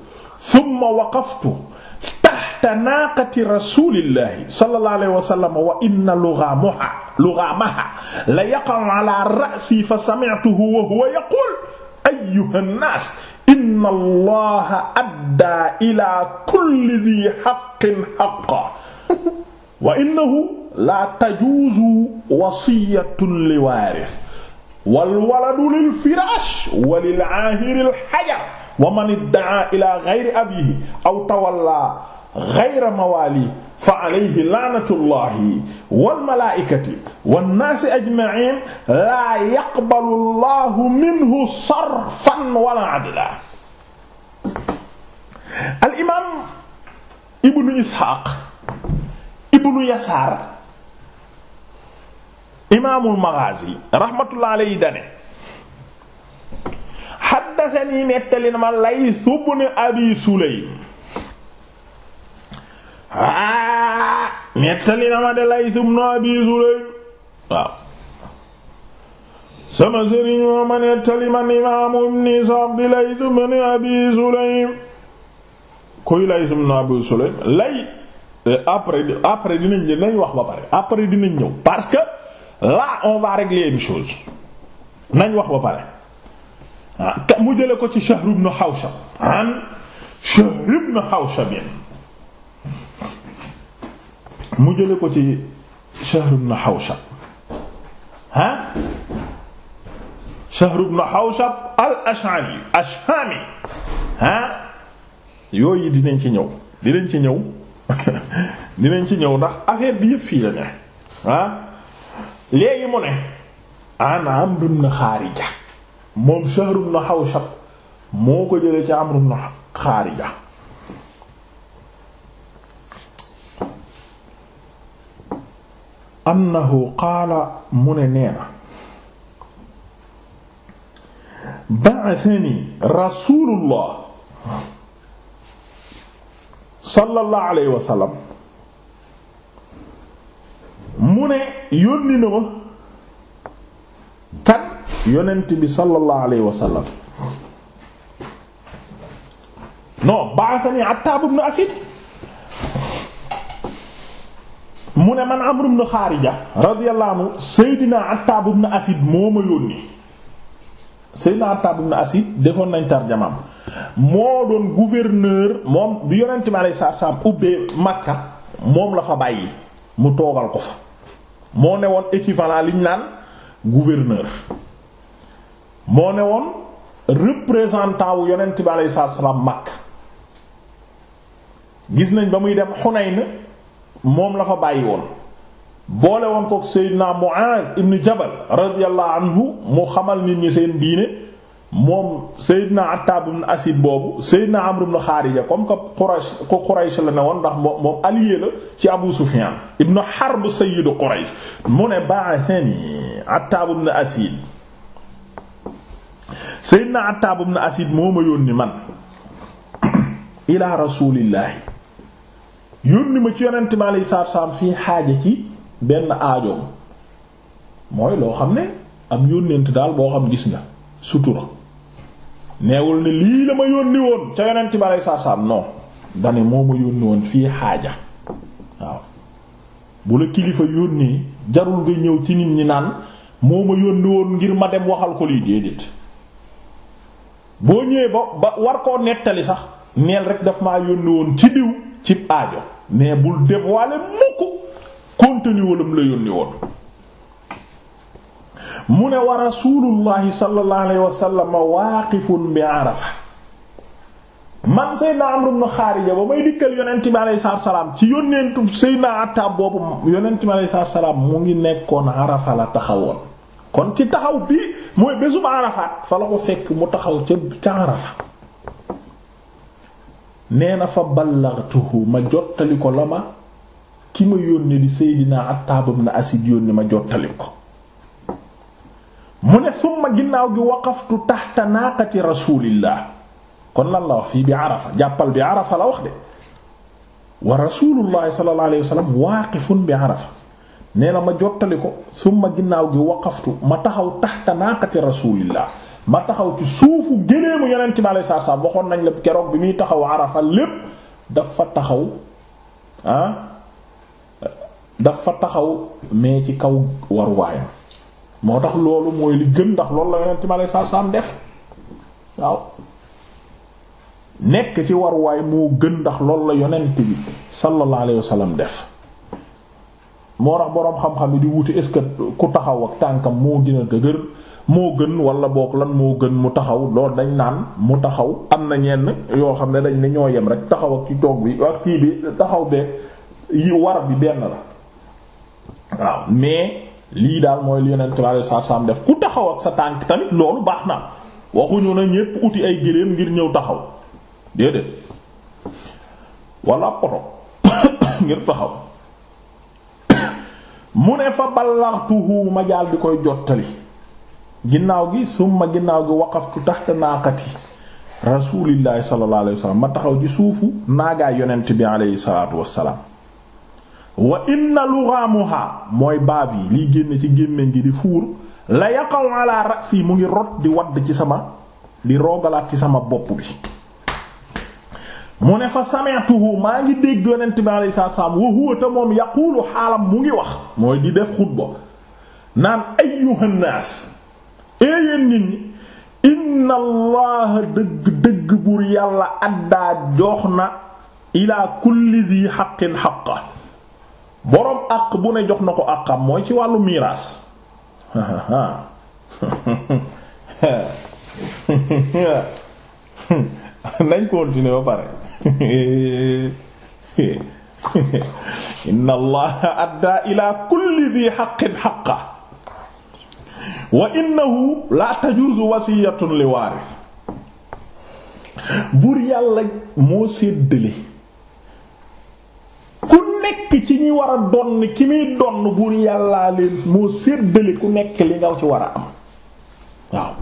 thumma waqaftu tahta naaqati rasulillahi sallallahu alayhi wa sallam wa inna lughamaha lughamaha la yaqa'u ala ra'si fa sami'tuhu wa huwa yaqul ayyuha an-nas inna allaha addaa ilaa kulli dhi haqqin haqqa wa innahu laa tajuuzu wasiyatun li waaris wal waladu lil firaash wa lil aahiri al hajar wa man iddaa ilaa ghayri abiihi aw tawallaa ghayra mawali fa alayhi laanatullahi wal malaa'ikati wan naasi ajma'iin laa yaqbalu llahu minhu sarfan wala adlan. al imaam ibnu Isxaaq ibnu Yasaar imaamul Maghaazi rahmatullahi alayhi dane haddathanii nettali na ma Layth ibn Abi Sulaym aa ah, nettali na ma de Layth ibn Abi Sulaym waaw sama sëriñ moo ma nettali man imaamu ibn Isaaq di Layth ibn Abi Sulaym kuy Layth ibn Abi Sulaym lay après après dinañ ñëw nañ wax ba pare après dinañ ñëw parce que là on va régler une chose nañ wax ba pare ah, mu jële ko ci Shahr ibn Hawshab an Shahr ibn Hawshab mu jële ko ci Shahr ibn Hawshab ha Shahr ibn Hawshab al-Ash'ari Ash'ami ha yooyu dinañ ci ñëw dinañ ci ñëw dinañ ci ñëw ndax affaire bi yëpp fii la ne ah léegi mu ne an Amr ibn Kharija moom Shahr ibn Hawshab moo ko jëlee ci Amr ibn Kharija annahu qaala mu ne nee na ba'athani rasulullah sallallahu alayhi wa sallam mu ne yónni na ma kan yonent bi sallallahu alayhi wa sallam non ba'athani Attab ibn Asid mu ne man Amr ibn Xaarija radiyallahu anhu Seydina Attab ibn Asid moo ma yónni Seydina Attab ibn Asid defoon nañ tarjamaam moo doon gouverneur moom bi yonent bi alayhi salaam ubbee Makka moom la fa bàyyi mu toogal ko fa moo ne woon équivalent liñ naan gouverneur moo ne woon représentant wu yonent bi alayhi salaatu salaam Makka gis nañ ba muy dem Hunayn moom la fa bàyyi woon boole woon ko Seydina Muaaz ibn Jabal radiyallahu anhu mu xamal nit ñi seen diine moom Seydina Attaab ibn Asid boobu Seydina Amr ibn Xaarija comme que Quraysh ko Quraysh la ne woon ndax moom moom la ci Abu Sufyaan ibn Harb sayyidu Quraysh mu ne ba'athani Attaab ibn Asid Seydina Attaab ibn Asid moo ma yónni man ila rasuulillaahi yónni ma ci yonent mi alayhi fii xaaja ci benn aajoom mooy loo xam ne am yónnent daal boo xam gis nga sutura neewul ne lii la ma yónni woon ca yonent mi alayhi salaatu salaam moo ma yónni woon fii xaaja waaw bu la kilifa yónnee jarul nga ñëw ci nit ñi naan moo ma yónni woon ngir ma dem waxal ko lii déedéet boo ñëwee ba ba war koo nettali sax neel rek daf maa yónni woon ci diw cib aajo mais bul dévoiler mukk contenu la yónni woon mu ne wa rasulullahi sallallahu alayhi wa sallam waaqifun bi arafa man Seydina Amru ibn Xaarija ba may dikkal yonent bi alayhi salaam ci yonentu Seydina Attaab boobu yonent bi alayhi salaam mu ngi nekkoon arafa la taxawoon kon ci taxaw bi mooy bésub arafaat fa la ko fekk mu taxaw ca ca arafa nee na fa ballaghtuhu ma jottali ko la ma ki ma yónni di Seydina Attab ibn Asid yónni ma jottali ko mu ne summa ginnaaw gi waqaftu tax naaqati rasulillah kon lan la wax fii bi Arafa jàppal bi Arafa la wax de wa rasulullah sallallahu wa sallam waaqifun bi Arafa nee na ma jottali ko summa ginnaaw gi waqaftu ma taxaw tax naaqati rasulillah ma taxaw ci suufu géléemu yonent bi alayhi salaatu salaam waxoon nañ la keroog bi muy taxaw Arafa lépp dafa taxaw ah dafa taxaw mais ci kaw waruwaayam moo tax loolu mooy li gën ndax loolu la yonent bi alayhi salaatu salaam def waaw nekk ci waruwaay moo gën ndax loolu la yonent bi sallallahu alayhi def moo tax boroom xam-xam yi di wuti est-ce que ku taxaw ak tànkam moo gën a dëgër moo gën wala boog lan moo gën mu taxaw loolu dañ naan mu taxaw am na ñenn yoo xam ne dañ ne ñoo yem rek taxaw ak ci toog bi ak kii bi taxaw beeg yi war bi benn la waaw mais lii daal mooy li yonent bi saa saam def ku taxaw ak sa tànk tamit loolu baax na waxuñu na ñépp uti ay gëléem ngir ñëw taxaw déedéet wala poto ngir taxaw mu ne fa ballartuhu ma jaal di koy jottali ginnaaw gi summa ginnaaw gi waqaftu taxta naaqati rasulillahi sallallahu ma taxaw ci suufu naagaay yonent bi alayhi salaatu wassalaam wa inna lughaamuha mooy baab yi liy génn ci gémmiñ gi di fuur la yaqaw ala ra'si mu ngi rot di wadd ci sama di roogalaat ci sama bopp bi mu ne fa sami'tuhu maa ngi dégg yonent bi alayhi salaatu wassalaam wa huwa ta moom yaquulu xaalam mu ngi wax mooy di def xutba naan ayyuhan naas Eh, yéen nit ñi inna allaha dëgg dëgg buur yàlla addaa jox na ilaa kulli di xaqin xaqa boroom àq bu ne jox na ko àqam mooy ci wàllu miraas nañ continuer ba pare inna allaha addaa ilaa kulli di xaqin xaqa wa innahu la tajuzu wasiyatun li waaris buur yàlla moo séddale ku nekk ci ñi war a donn ki muy donn buur yàllaa leen moo séddale ku nekk li nga ci war am waaw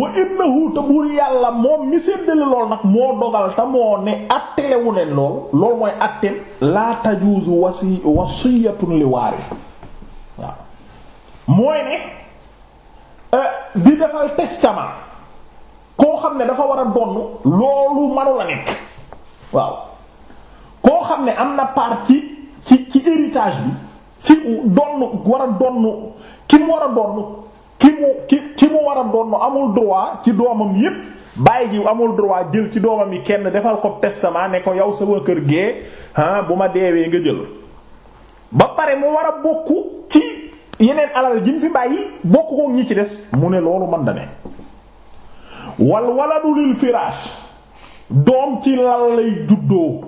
wa innahu te buur yàlla moom mi séddale lool nag moo dogal te moo ne àttelewu leen lool lool mooy àtteel laa tajuuzu wasi li waaris waaw mooy ne Euh, di defal testament koo xam ne dafa war a donn loolu manu la nekk waaw koo xam ne am na part ci ci ci héritage bi ci donn war a donn ki mu war a donn ki mu ki ki mu war a donn amul droit ci doomam yépp bàyyi ji amul droit jël ci doomam yi kenn defal ko testament ne ko yow sama kër gee ah, bu ma deewee nga jël ba pare mu war a bokk ci yeneen alal ji mu fi bàyyi bokk ko ñi ci des mu ne loolu man da ne wal waladu lil doom ci lal lay juddoo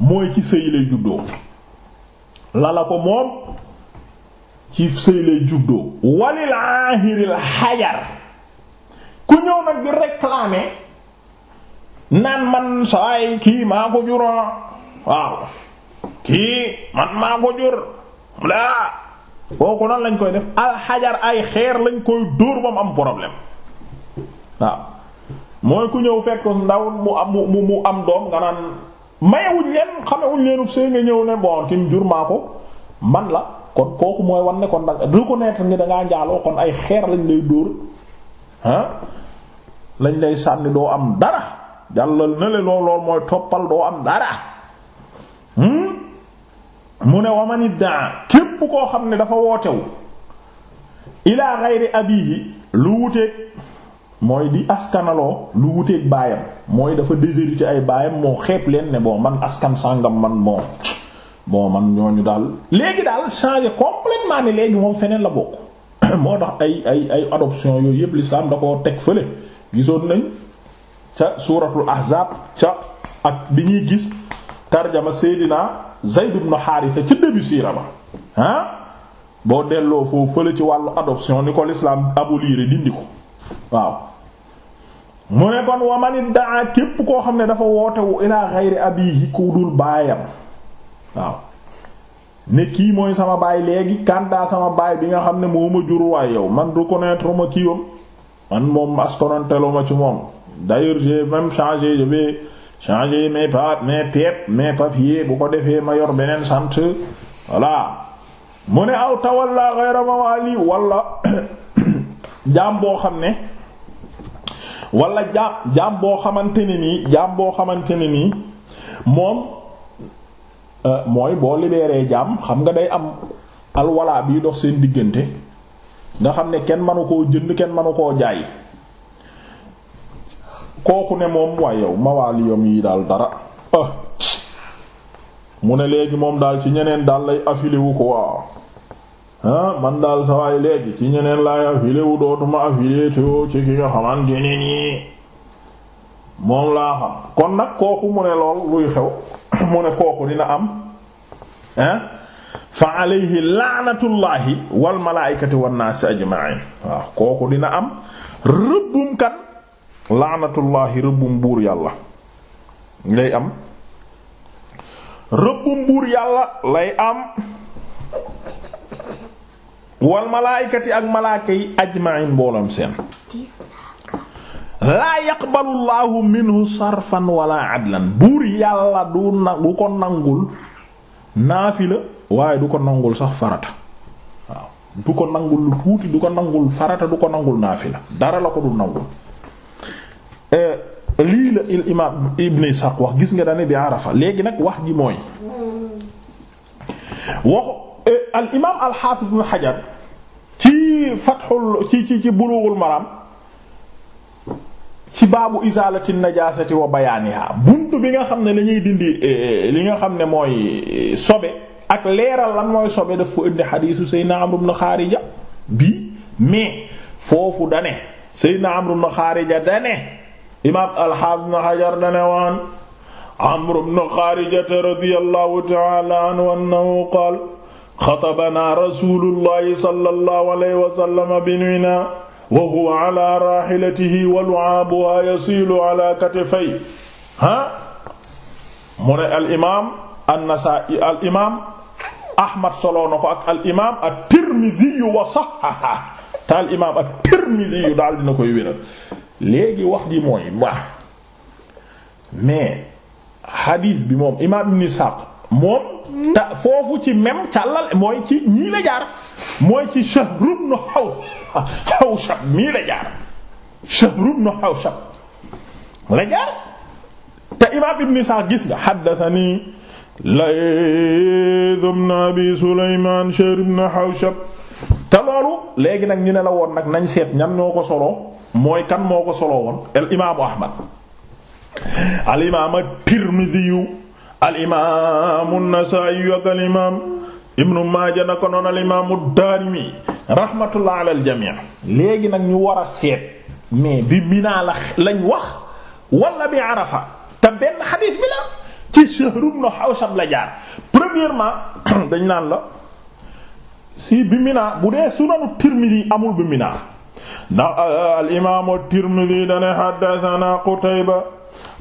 mooy ci sëy lay juddoo lala ko moom ci sëy lay juddoo walil aahiril xajar ku ñëw nag di réclamer naan man saay kii maa ko jur waaw kii man maa ko jur laa kooku nan lañ koy def alxajar ay xeer lañ koy dóor ba mu am problème waaw mooy ku ñëw fekk ndaw mu am mu mu am doom nga naan mayewuñ leen xamewuñ leen sëy nga ñëw ne bon kim jur maa ko man la kon kooku mooy wan ne kon da reconnaître ni dangaa njaaloo kon ay xeer lañ lay dóor ah lay sànni doo am dara jàllal na lool lool mooy toppal doo am dara hmm? mu ne wamanit daa képp képp koo xam ne dafa wootewu ilaa xayri abihi lu wuteeg mooy di askanaloo lu wuteeg baayam mooy dafa ci ay baayam moo xeeb leen ne boo man askan sàngam man moo bon man ñooñu daal léegi daal changé complètement ne léegi moom feneen la bokk moo tax ay ay ay adoption yooyu yëpp l'islam da ko teg fële gisoon nañ ca suuratul ahzab ca ak bi ñuy gis tarjama seydina zayd ibn haarisa ca début siira ba ah boo delloo foofu fële ci wàllu adoption ni ko lislaam abolir dindi ko waaw mu ne kon wamanit daa képp koo xam ne dafa wootewu ilaa xayri abihi ku dul baayam waaw ne kii mooy sama baay léegi kandaa sama baay bi nga xam ne moo ma jur waay yow man reconnaître man moom askonantelu ma ci moom d'ailleurs j'ai même changé je vais changer mes pa mes piep mes papiers bu ko defee ma yor beneen sant voilà mu ne aw tawalla ghayra mawali wala jaam boo xam ne wala jaam jaam boo xamante ne nii jaam boo xamante ne nii moom euh, mooy boo libéré jaam xam nga day am alwalaa bi dox seen diggante nga xam ne kenn mënu koo jënd kenn mënu koo jaay kooku ne moom waa yow mawaali yi daal dara ah. mu ne léegi moom daal ci ñeneen daal lay affilé wu ko waaw man daal sawaay léegi ci ñeneen laay affilé wu dootuma affilé to ci ki nga xaman geneen ñi moom laa xam kon nag kooku mu ne lool luy xew mu ne kooku dina am hein fa alayhi laanatullaahi wal malaayikati wan naasi ajma'in waaw kooku dina am rëbbum kan laanatullaahi rëbbum buur yàlla ngay am rëbbum buur yàlla lay am wal malaaykati ak malaaka yi ajmain mboolam seen laa yaqbalu llaahu minhu sarfan wala adlan buur yàlla du na du ko nangul naafila waaye du ko nangul sax farata waaw du ko nangul lu tuuti du ko nangul farata du ko nangul naafila dara la ko du nangul eh, lii la imaam Ibn Ishaq wax gis nga dane bi Arafa léegi nag wax gi mooy wax eh, al imaam al Haafiz Ibn ci Fathul ci ci ci Bulughul ci baabu izaalati najaasati wa bayaaniha buntu bi nga xam ne lañuy dindi eh, li nga xam ne mooy eh, sobe ak leeral lan mooy sobe daf fa indi xadiisu Seydina Amr ibn Xaarija bii mais foofu dane Seydina Amr ibn Xaarija dane imaam alxaafis na xajar dane waan amru bnu xaarijata radiyallahu taala anhu annahu qaal xatabanaa rasuulullahi sallallahu alayhi wa sallam binina wa huwa ala raahilatihi wa lu'aabuhaa yasiilu ala katifayhi ha mu ne al imaam an-Nasaa'i al imaam Ahmad solo na ko ak al imaam at-Tirmidhi wa sahhaha te al imaam at-Tirmidhi daal dina koy wéral léegi wax ji mooy baax mais hadith bi moom imaam ibn Ishaq moom ta foofu ci même càllal mooy ci ñii la jaar mooy ci Shahr ibn Hawshab mii la jaar Shahr ibn Hawshab la jaar te imaam ibn Ishaq gis nga haddathani Layth ibn Abi Sulayman Shahr ibn Hawshab te loolu léegi nag ñu ne la woon nag nañ seet ñan ñoo ko soloo mooy kan moo ko soloo woon al imaamu ahmad al imaam at-Tirmidhi al imaam an-Nasa'i al imaam ibnu Maaja na ko noon al imaam ad-Daarimi rahmatullah ala al jamii léegi nag ñu war a seet mais bi Mina la lañ wax wala bi Arafa te benn xadiis bi la ci Shahr ibn Hawshab la jaar premièrement dañ naan la si bi Mina bu dee sunanu Tirmidi amul bi Mina ndax euh, al imaamu Tirmidi dane xaddasanaa Qutayba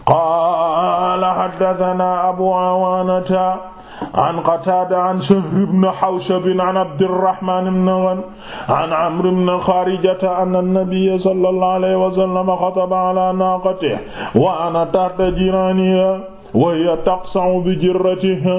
qaala xaddasanaa Abu Awaanata an Qataada an Shahr ibn Hawshab an Abdirrahmaan ibn Ghanm an Amr ibn Xaarijata anna nabiyya sallallaahu alayhi wa sallam xataba alaa naaqatihi wa ana tahta jiraanihaa wa hiya taqsa'u bi jirratiha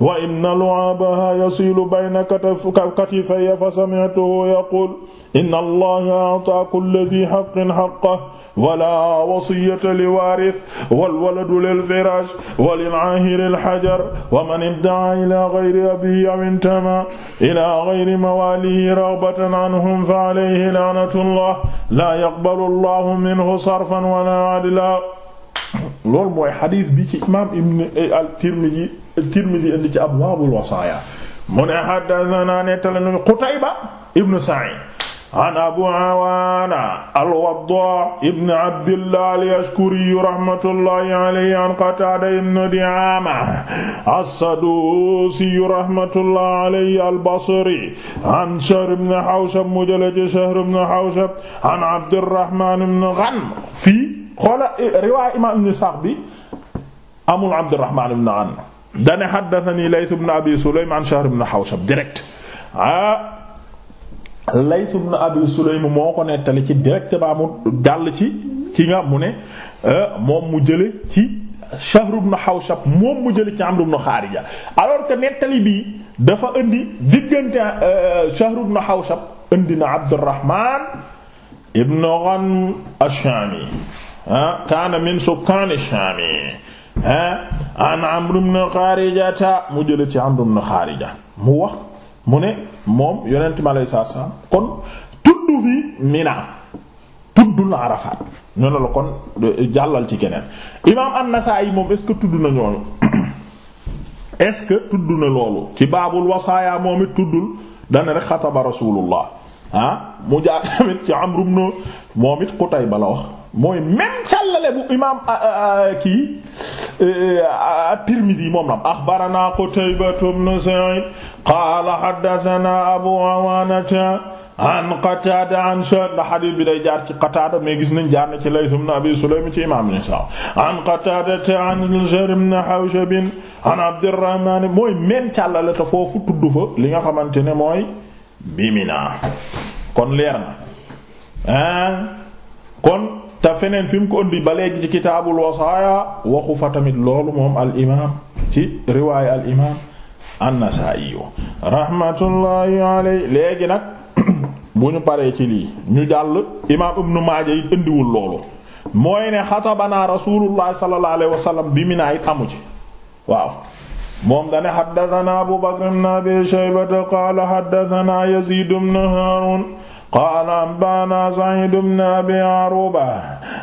wa inna lu'abaha yasilu bayna katifayya fa sami'tuhu yaqul inna allaha a'ta kulla dhi haqqin haqqahu wa la wasiyyata li warith wal waladu lil firash wa lil 'ahiri al hajar wa man ibta'a ila ghayri abihi aw intama ila ghayri mawalihi raghbatan anhum fa alayhi la'natullah la yaqbalu allahu minhu sarfan wa la 'adlan loolu mooy xadiis bi ci imaam ibn eh, al-Tirmidhi Tirmidhi indi ci abwaabul wasaaya mu ne haddathana nettali nañu Qutayba ibn Sa'id an Abu Awaana al-Waddaa ibn Abdillah al-Yashkuri rahmatullahi alayhi an Qataada ibn Di'aama as-Saduusi rahmatullahi alayhi al-Basri an Shahr ibn Hawshab mu jële ci Shahr ibn Hawshab an Abdurrahmaan ibn Ghanm fii xoola eh, riwaay imam bi amul Abdurrahman ibn Ghanm dane haddathani Layth ibn Abi Sulaym an Shahr ibn Hawshab direct ah Layth ibn Abi moo ko nettali ci directement mu dal ci ki nga mu ne eh, moo mu jële ci Shahr ibn Hawshab moom mu jële ci Amr ibn Kharija alors que nettali bii dafa indi diggante eh, Shahr ibn Hawshab indi na Abdurrahman ibn Ghanm ash kaana min sukkaani shaami an amru ibn xaarijata mu jële ci amru ibn xaarija mu wax mu ne moom yonent mi alayhi salaatu kon tudd fi mina tuddul arafaat ñu ne la kon jàllal ci keneen imaam an-Nasaa'i moom est que tudd na ñooñu est-ce que tudd na loolu ci baabul wasaaya moom it tuddul dana rek xataba rasuulullah mu jaar tamit ci amru ibn moom it Qutayba la wax mooy même càllale bu imaam ah, ah, ah, kii eh, Tirmidhi moom lam axbarana Qutaybatu bnu Sa'id qaala haddathana Abu Awaanata an Qataada an Shu'ayb hadith bi day jaar ci Qataada mais gis nañ jaar ci Layth ibn Abi Sulaym ci imaam Ibn Ishaaq an Qataada an al-Jarr ibn Hawshab an Abdurrahmaan mooy même càllale te foofu tudd fa li nga xamante ne mooy bi Mina kon leer na kon te feneen fi mu ko ëndi ba léegi ci kitaabul wasaaya waxu fa tamit loolu moom al imaam ci riwaaya al imaam an-Nasaa'i rahmatullahi alayhi léegi nag bu ñu paree ci lii ñu jàll imaam ibnu Maaja it indiwul loolu mooy ne xatabanaa rasuulullahi sallallahu alayhi wa sallam bi Minaa amu ci waaw moom dane xaddatanaa Abu Bakr ibn Abi Shaybata qaala xaddatanaa Yaziid ibn Haaruun qaala anba'anaa Sa'iid ibn Abii Aruuba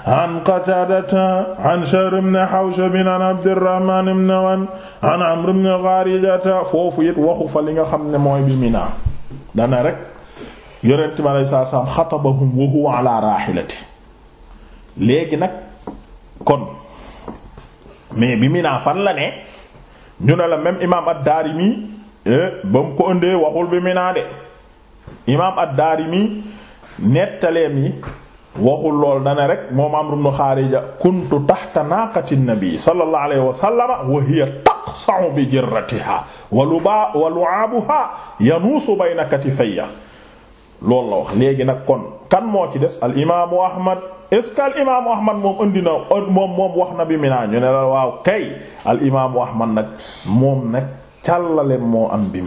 an Qataadata an Shahr ibn Hawshab an Abdirrahmaan ibn Awf an Amr foofu it waxu fa xam ne mooy bi Mina dana rek Yonent bi alayhi salaam xatabahum wa huwa alaa raahilatihi léegi nag kon mais bi Mina fan la ne ñu ne la même imaam ad-Daarimi eh, ba mu waxul bi Mina de imaam ad-Daarimi nettaleem yi waxul lool dana rek moom Amru ibn Xaarija kuntu taxta naaqati nabi sallallahu alayhi wa sallama wa hiya taqsa'u bi jirratiha wa lubaa wa lu'aabuha yanuusu bayna katifayya loolu la wax léegi nag kon kan moo ci des al imaamu Ahmad est al imaamu Ahmad moom indi moom moom wax na bi ñu ne waaw kay al imaamu Ahmad nag moom nag càllale moo am bi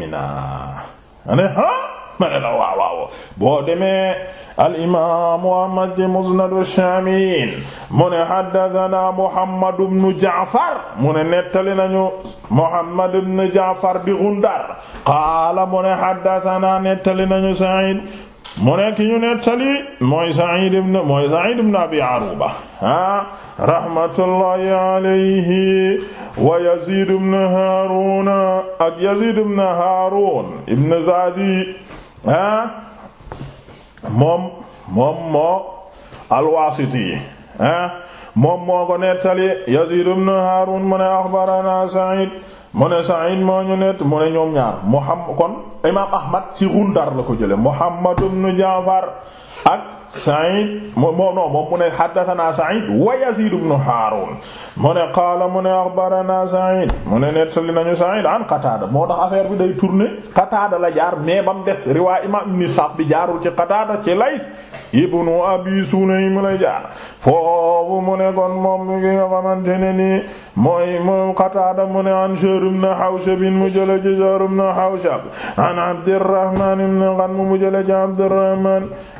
ma ne la waaw waaw boo demee al imaamu ahmad ci musnadu shaamiin mu ne haddathana muhammad ibn jaafar mu ne nettali nañu muhammad ibn jaafar di gundar qaala mu ne haddathana nettali nañu sa'iid mu ne ki ñu nettali mooy Sa'id ibn mooy Sa'id ibn Abi Aruba ah rahmatullahi alayhi wa Yazid ibn Harun ak Yazid ibn Harun ibn Zadi ah moom moom moo al ah moom moo ko nettali Yazid ibn Harun mu ne axbarana Sa'id mu ne Sa'id moo ñu nett mu ne ñoom ñaar Muhammad kon imaam Ahmad ci Gundar la ko jële Muhammad ibn Ja'far ak Sa'id moom non moom mu ne haddathana Sa'id wa Yazid ibn Harun mu ne qaala an Qatada moo tax affaire bi day tourner la jaar mais ba des riwaay imam Ibn Sa'd bi jaarul ci Qatada ci Layth ibn Abi Sulaym la jaar foofu mu kon moom mi ngi nga xamante ne mooy moom Qatada mu ne an mu jële ci Shahr ibn an Abdurrahman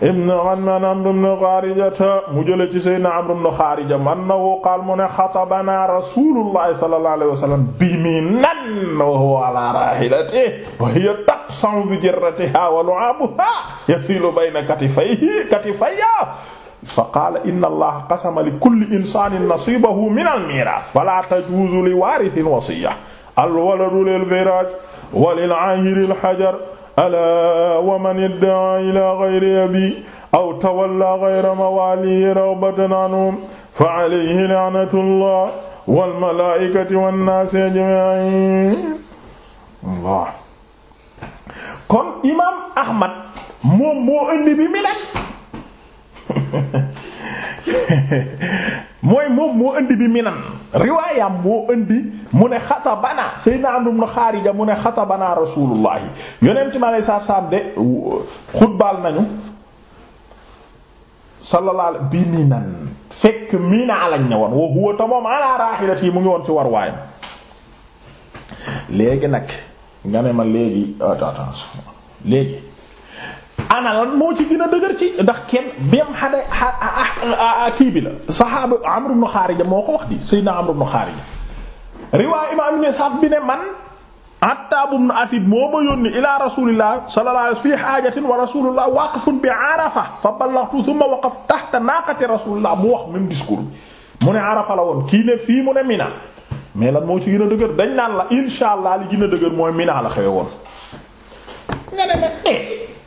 ibn Ghanm an Amr ibn Xaarijata mu jële ci Seydina Amr ibn Xaarija annahu qaal mu ne xatabanaa rasuulullahi sallallahu alayhi wa sallam bimiinan wa huwa alaa raahilatihi wa hiya taqsa'u bi jirratihaa wa lu'aabuhaa yasiilu bayna katifayhi katifayya fa qaala inna allaha qasama li kulli insaanin nasiibahu min al-miiraas falaa tajuuzu li waarisin wasiyya alwaladu lilfiraas wa lil'aahiri alhajar alaa wa man idda'a ilaa ghayri abiihi aw tawalla ghayra mawalihi rawbatan anhum fa alayhi la'natullah wal malaa'ikati wan naasi ajma'iin Allah kon imaam Ahmad moom moo indi bi mi nag mooy moom moo indi bi minan riwaayam moo indi mu ne xatabana sayyidina Amr ibn Xaarija mu ne xatabana rasuulullahi yonent mi alayhi salaam de xutbaal nañu sallallahu bi minan fekk miinaa lañ ne woon wa huwa ta moom ala raahilati mu ngi woon ci war waayam léegi nag nga ne ma léegi attention léegi ana moo ci gina a dëgër ci ndax kenn bem xade kii bi la saxaaba Amr ibn Xaarija moo ko wax di Seydina Amr ibn Xaarija riwaay imaam Ibn Sa'd bi ne man Attaab ibn Asiid moo ma yónni ilaa rasuulillah sallallahu alayhi wa sallam fii haajatin wa rasuulullah waaqifun bi Arafa fa ballaghtu thumma waqaftu tahta naaqati mu wax même discours mu ne Arafa fii mais la moo ci gën a dëgër dañ naan la inshaa li gën a dëgër mooy Mina la xewe nga ne ma eh,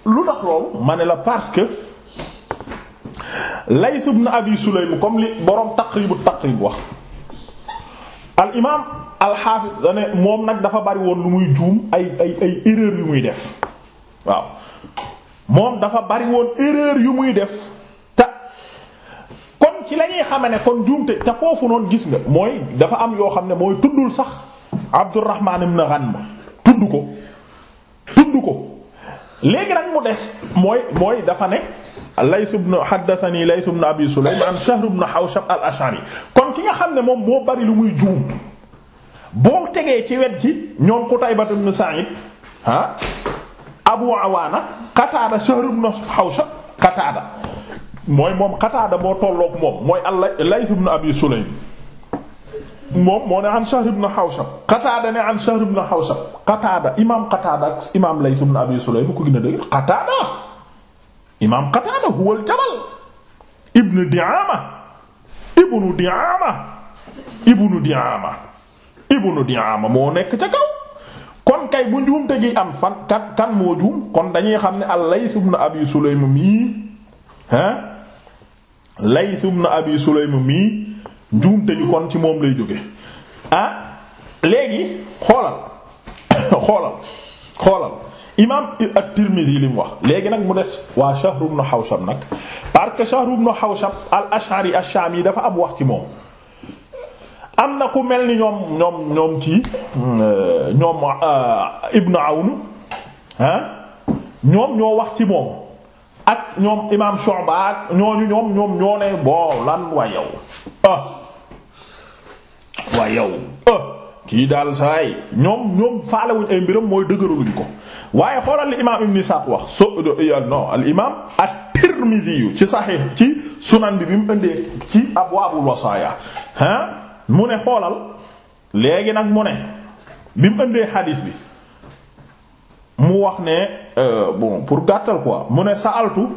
lu tax loolu ma ne la parce que Layth ibn Abi Sulaym comme li borom Taqrib at wax. al imaam al xaafis da moom nag dafa bari woon lu muy juum ay ay ay erreur yu muy def waaw moom dafa bari woon erreur yu muy def te kon ci la ñuy xame ne kon juumte te foofu noon gis nga mooy dafa am yoo xam ne mooy tuddul sax Abdurrahman ibn Ghanm tudd ko tudd ko léegi nag mu des mooy mooy dafa ne Layth ibn haddathani Layth ibn Abi Sulaym an Shahr ibn Hawshab al-Ash'ari kon ki nga xam ne moom moo bari lu muy juum boo tegee ci wet gi ñoom Qutayba ibn Sa'id ah Abu Awaana Qataada Shahr ibn Hawshab Qataada mooy moom Qataada boo tolloog moom mooy al Layth ibn Abi Sulaym moom moo ne an Shahr ibn Hawshab Qataada ne an Shahr ibn Hawshab Qataada imaam Qataada ak imaam a dëgg Qataada imaam Qataada huwa al-Jabal ibn Di'aama ibnu Di'aama ibnu Di'aama ibnu Di'aama moo nekk ca kaw kon kay bu njuumte gi am fan kan moo juum kon dañuy xam ne al-Layth ibn Abi Sulaym mii ah Layth ibn Abi Sulaym mii njuumte ju kon ci moom lay jóge ah léegi xoolal xoolal xoolal imam at-Tirmidhi li mu wax léegi nag mu des waa Shahr ibn Hawshab nag parce que Shahr ibn Hawshab al-Ash'ari ash-Shami dafa am wax ci moom am na ku mel ni ñoom ñoom ci ñoom hmm, euh, euh, Ibn Awn ah ñoom ñoo wax ci moom ak ñoom imam Shu'ba ak ñooñu ñoom ñoom ñoo ne bon lan yow ah waa yow kii daal saay ñoom ñoom faalewuñ ay mbiram mooy dëgëraluñ ko waaye xoolal li imaam ibn Isaaq wax so eh, non al imaam at-Tirmidhi ci saxiix ci sunan bi bi mu indee ci abwaabul wasaaya mu ne xoolal léegi nag mu ne bi mu indee xadiis bi mu wax ne euh, bon pour gàttal quoi mu ne sa'altu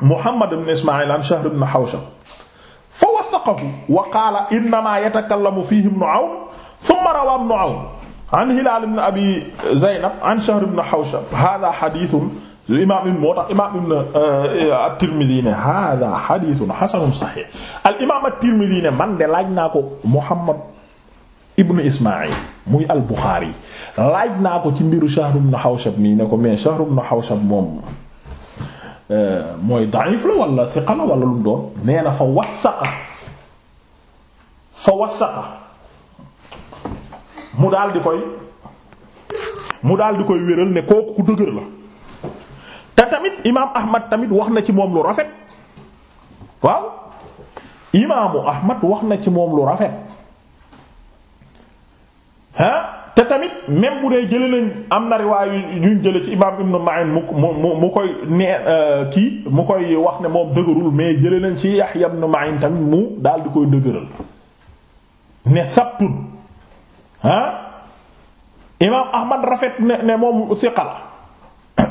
Muhammad ibn Ismaa'il an Shahr ibn Hawshab wasaqahu wa qaala innamaa yatakallamu fiihi ibnu awn thumma rawaa ibnu awn an hilaal ibn abi zaynab an shahr ibn hawshab haaza hadiisun imaam moo tax imaam ibn at-Tirmidhi ne haaza hadiisun hasanun sahiih al-imaam at-Tirmidhi ne man de laaj naa ko Muhammad ibn Ismaïl muy al-Bukhari laaj naa ko ci mbiru shahr ibn hawshab nii ne ko mais shahr ibn hawshab moom euh, mooy da'if la wala thiqa la wala lu mu doon nee na fa wasaqa fa wasata mu daal di koy mu daal di koy wéral ne kooku ku dëgër la te tamit imaam Ahmad tamit wax na ci moom lu rafet waaw imaamu Ahmad wax na ci moom lu rafet ah te tamit même bu dee jëlee nañ am na riwaay yuñ jëlee ci imaam Ibn Ma'in mu mu mu koy nee euh, kii mu koy wax ne moom dëgërul mais jëlee nañ ci Yahya ibn Ma'in tamit mu daal di koy dëgëral. ne sabtun ah imaam ahmad rafet ne ne moom siqa la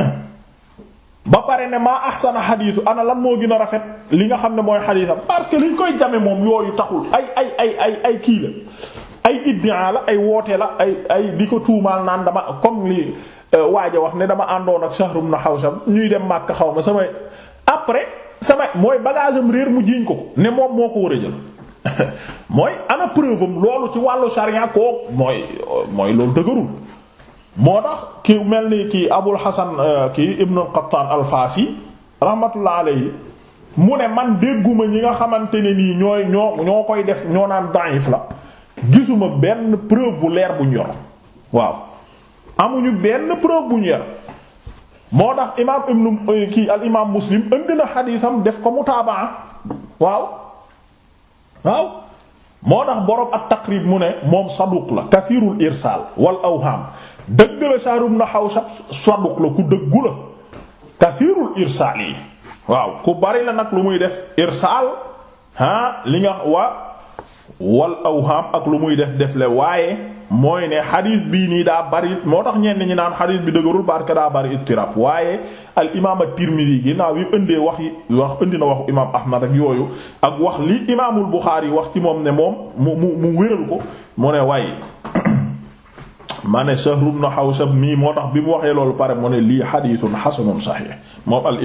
ba pare ne maa ahsana xadiisu ana lan moo gën rafet li nga xam ne mooy xadiisam parce que li liñ koy jame moom yooyu taxul ay ay ay ay kii la ay iddia la ay woote la ay ay di ko tuumaal naan dama comme li euh, waaja wax ne dama àndoon ak Shahr ibn Hawsham ñuy dem Makka xaw ma samay après samay mooy bagage am réer mu jiiñ ko ne moom moo ko war mooy ana preuve am loolu ci wàllu sharia koo mooy mooy loolu dëgërul moo tax ki mel ni ki abul hasan euh, ki ibnu qattan al fasi rahmatullah alayhi mu ne man dégguma ñi nga xamante ni nii ñooy ñoo ñoo koy def ñoo naan daif la gisuma benn preuve bu leer bu ñu yor waaw amuñu benn preuve bu ñu yor moo tax imaam ibnu euh, kii al imaam muslim indi na xadiisam def ko mutaabaa waaw waaw moo tax boroom at taqrib mu ne moom saduq la kathirul irsaal wal awham dëgg la shaarum na xawsab saduq la ku dëggu la kathirul irsaal yi waaw ku bari la nag lu muy def irsaal ha li nga wa wal awham ak lu muy def defle waaye mooy ne xadiis bii nii daa bari moo tax ñenn ñi naan xadiis bi dëgërul parce que daa bari ittirab waaye al imaam at-Tirmidhi ginnaaw yu indee wax yi wax indi na waxu imaam Ahmad rek yooyu ak wax li imaamul yi wax ci moom ne moom mu mu mu wéral ko mu ne waaye ma ne na xaw sa mii moo tax bi mu waxee loolu pare mu ne lii xadiisun xasanun saxiix moom al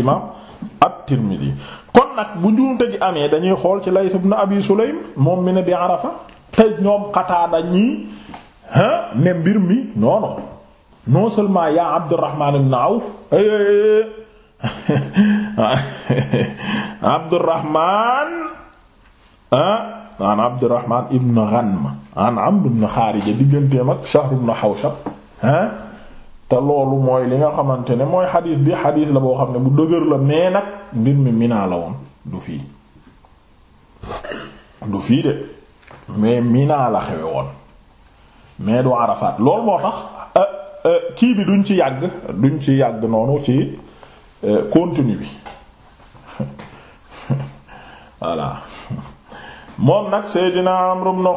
at-Tirmidhi kon nag bu njuumte ji amee dañuy xool ci Layth ibn Abi Sulaym moom mi ne bi Arafa te ñoom Qataada ñii ne mbir mi non non non seulement yaa Abdurrahman ibn Awf eh, eh, eh. Abdurrahman an Abdurrahman ibn Ghanm an digganteem ak Shahr ibn Hawshab te loolu mooy li nga xamante ne mooy xadiis bi xadiis la boo xam ne bu dëgër la mais nag mbir mi minaa la woon du fii du fii de mais Mina la xewe woon mais du Arafat loolu moo tax euh, euh, kii bi duñ ci yàgg duñ ci yàgg noonu ci euh, contenu bi voilà moom nag Seydina Amr ibn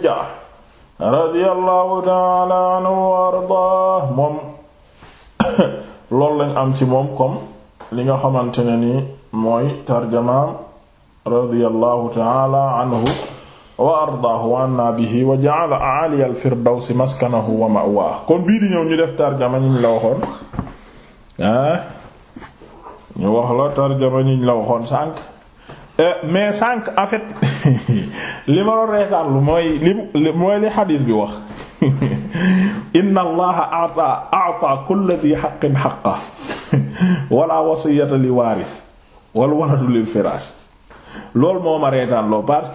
Kharija radiyallahu taala anhu wa moom loolu lañ am ci moom kom li nga xamante ne ni mooy tarjamaam radiyallahu taala anhu wa ardaahu wa anna bihi wa ja'ala a'ali al-firdawsi maskanahu wa ma'waahu kon bii di ñu def tarjama ñu la waxoon ah ñu wax tarjama ñu la waxoon sànq eh, mais sànq en fait li ma doon reetaan lu mooy li mooy li xadiis bi wax inna allaha a'ta a'ta kulli dhi haqqin haqqa wala wasiyata waaris wal waladu firaas loolu moo ma reetaan loo parce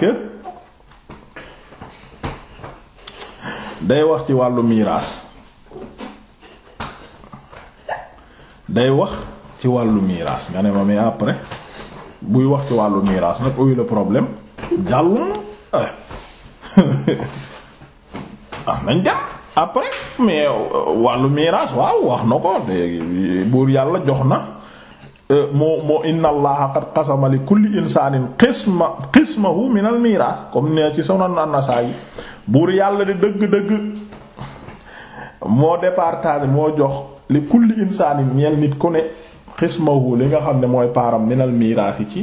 day wax ci wàllu miiraas day wax ci wàllu miiraas nga ne ma mais après buy wax ci wàllu miiraas nag uyu le problème jàll na ah nañ dem après mais euh, wàllu miraas waaw wax na ko te buur yàlla jox na euh, moo moo inna allaha li kulli insaanin qisma qismahu min al miraas comme ne ci sunan an-Nasaa'i buur yàlla di dëgg-dëgg moo départage moo jox li kulli insaanin ñeel nit ku ne qismahu li nga xam ne mooy paaram min al ci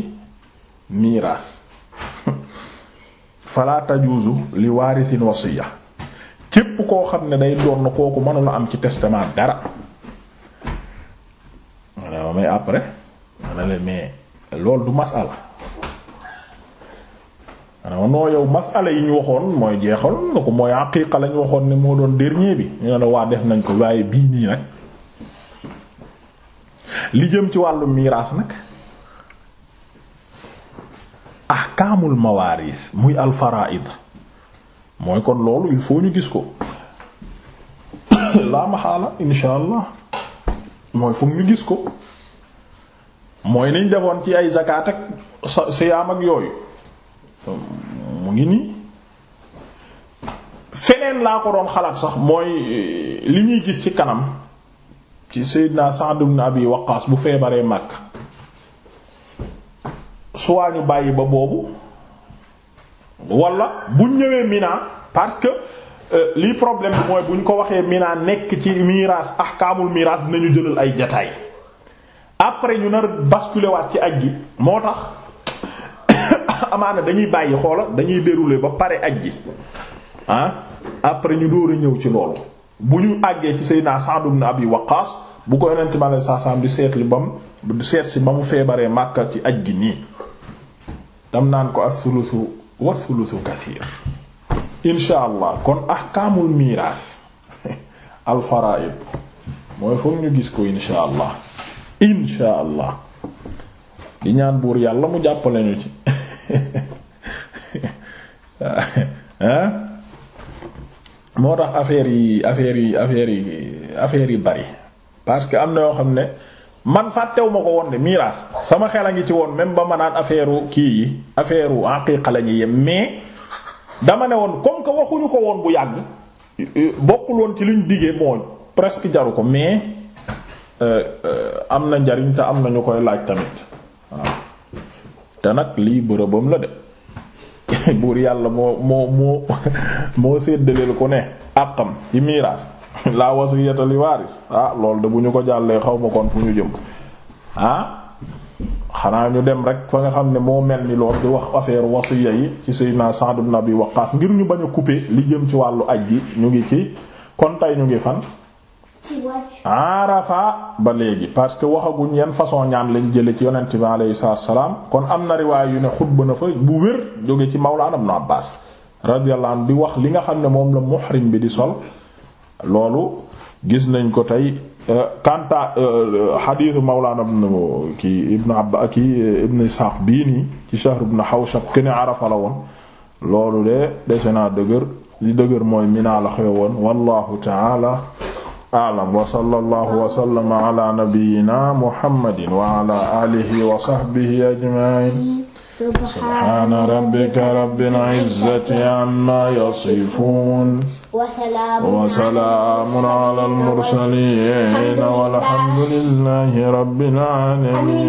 miraas fala tajuzu li waarisin wasiya képp koo xam ne day doon na kooku mënula am ci testament dara ma mais après mais loolu du masala ma noo yow masala yi ñu waxoon mooy jeexal nga ko mooy aqiqa la waxoon ne moo doon dernier bi ñu ne la waa def nañ ko waaye bii nii nag li jëm ci wàllu miraas nag ahkaamul mawaris muy al mooy kon loolu il faut ñu gis ko la maxaala insha allah mooy foog ñu gis ko mooy niñ defoon ci ay zakat ak siyaam ak yooyu mu ngi nii feneen laa ko doon xalaat sax mooy eh, li ñuy gis ci kanam ci Seydina Sa'd ibn bi Waqqas bu feebaree màkk soit ñu bàyyi ba boobu wala buñ ñëwee Mina parce que euh, lii problème bi mooy buñ ko waxee Mina nekk ci miraas ahkaamul miraas nañu jëlal ay jataay après ñu na basculer waat ci aj gi moo tax amaana dañuy bàyyi xoola dañuy dérouler ba pare aj gi ah après ñu door a ñëw ci loolu bu ñu àggee ci Seydina Sa'd ibn yi Waqqas bu ko yonent bi sallallahu alayhi wasallam di seetli bam seet si ba mu feebaree Makka ci aj gi nii tam naan ko ak sulusu was-sulusu kasiir insha allah kon ahkaamul miiraas al-faraa'id mooy foog ñu gis ko insha allah insha allah di ñaan buur yàlla mu jàppale ñu ci hein moo tax affaire yi affaire yi affaire yi affaire yi bari parce que am na yoo xam ne man fàttewu ko woon de miraas sama xel a ngi ci woon même ba ma naan affaire kii yi affaire aqiqa la ñuy yem mais dama ne woon comme que waxuñu ko woon bu yàgg euh, euh, bokkul woon ci luñ diggee moo presque jaru ko mais euh, am na njariñ te am na ñu koy laaj tamit waaw te nag lii bërëbam la de buur yàlla moo moo moo moo séddaleel ku ne àqam ci miraas laa wasiyata li waaris ah loolu de bu ñu ko jàllee xaw ma kon fu ñu jëm ah xanaa ñu dem rek fa nga xam ne moo mel ni lool di wax affaire wasiya yi ci Seydina Sa'd ibn Abi Waqqas ngir ñu bañ a li jëm ci wàllu aj gi ñu ngi ci kon tey ñu ngi fan Arafa ba léegi parce que waxaguñ yan façon ñaan lañ jële ci yonent bi alayhi salaatu salaam kon am na riwaay yu ne xutba na fa bu wér jóge ci Mawlaana Ibn Abbaas radiyallahu anhu di wax li nga xam ne moom la muhrim bi di sol loolu gis nañ ko tey euh, kanta euh, xadiisu mawlaana ibnu ki ibnu abba ki euh, ibnu isxaaq bii nii ci shahr ibnu hawshab kenn loolu de dese naa dëgër li dëgër mooy minaa la xew woon wallahu taala a'lam wa sallallahu wa sallama ala nabiyyina muhammadin wa ala alihi wa sahbihi ajma'in subhana amma yasifun wasalaamun ala al mursaliin walhamdulillahi rabbil aalamiin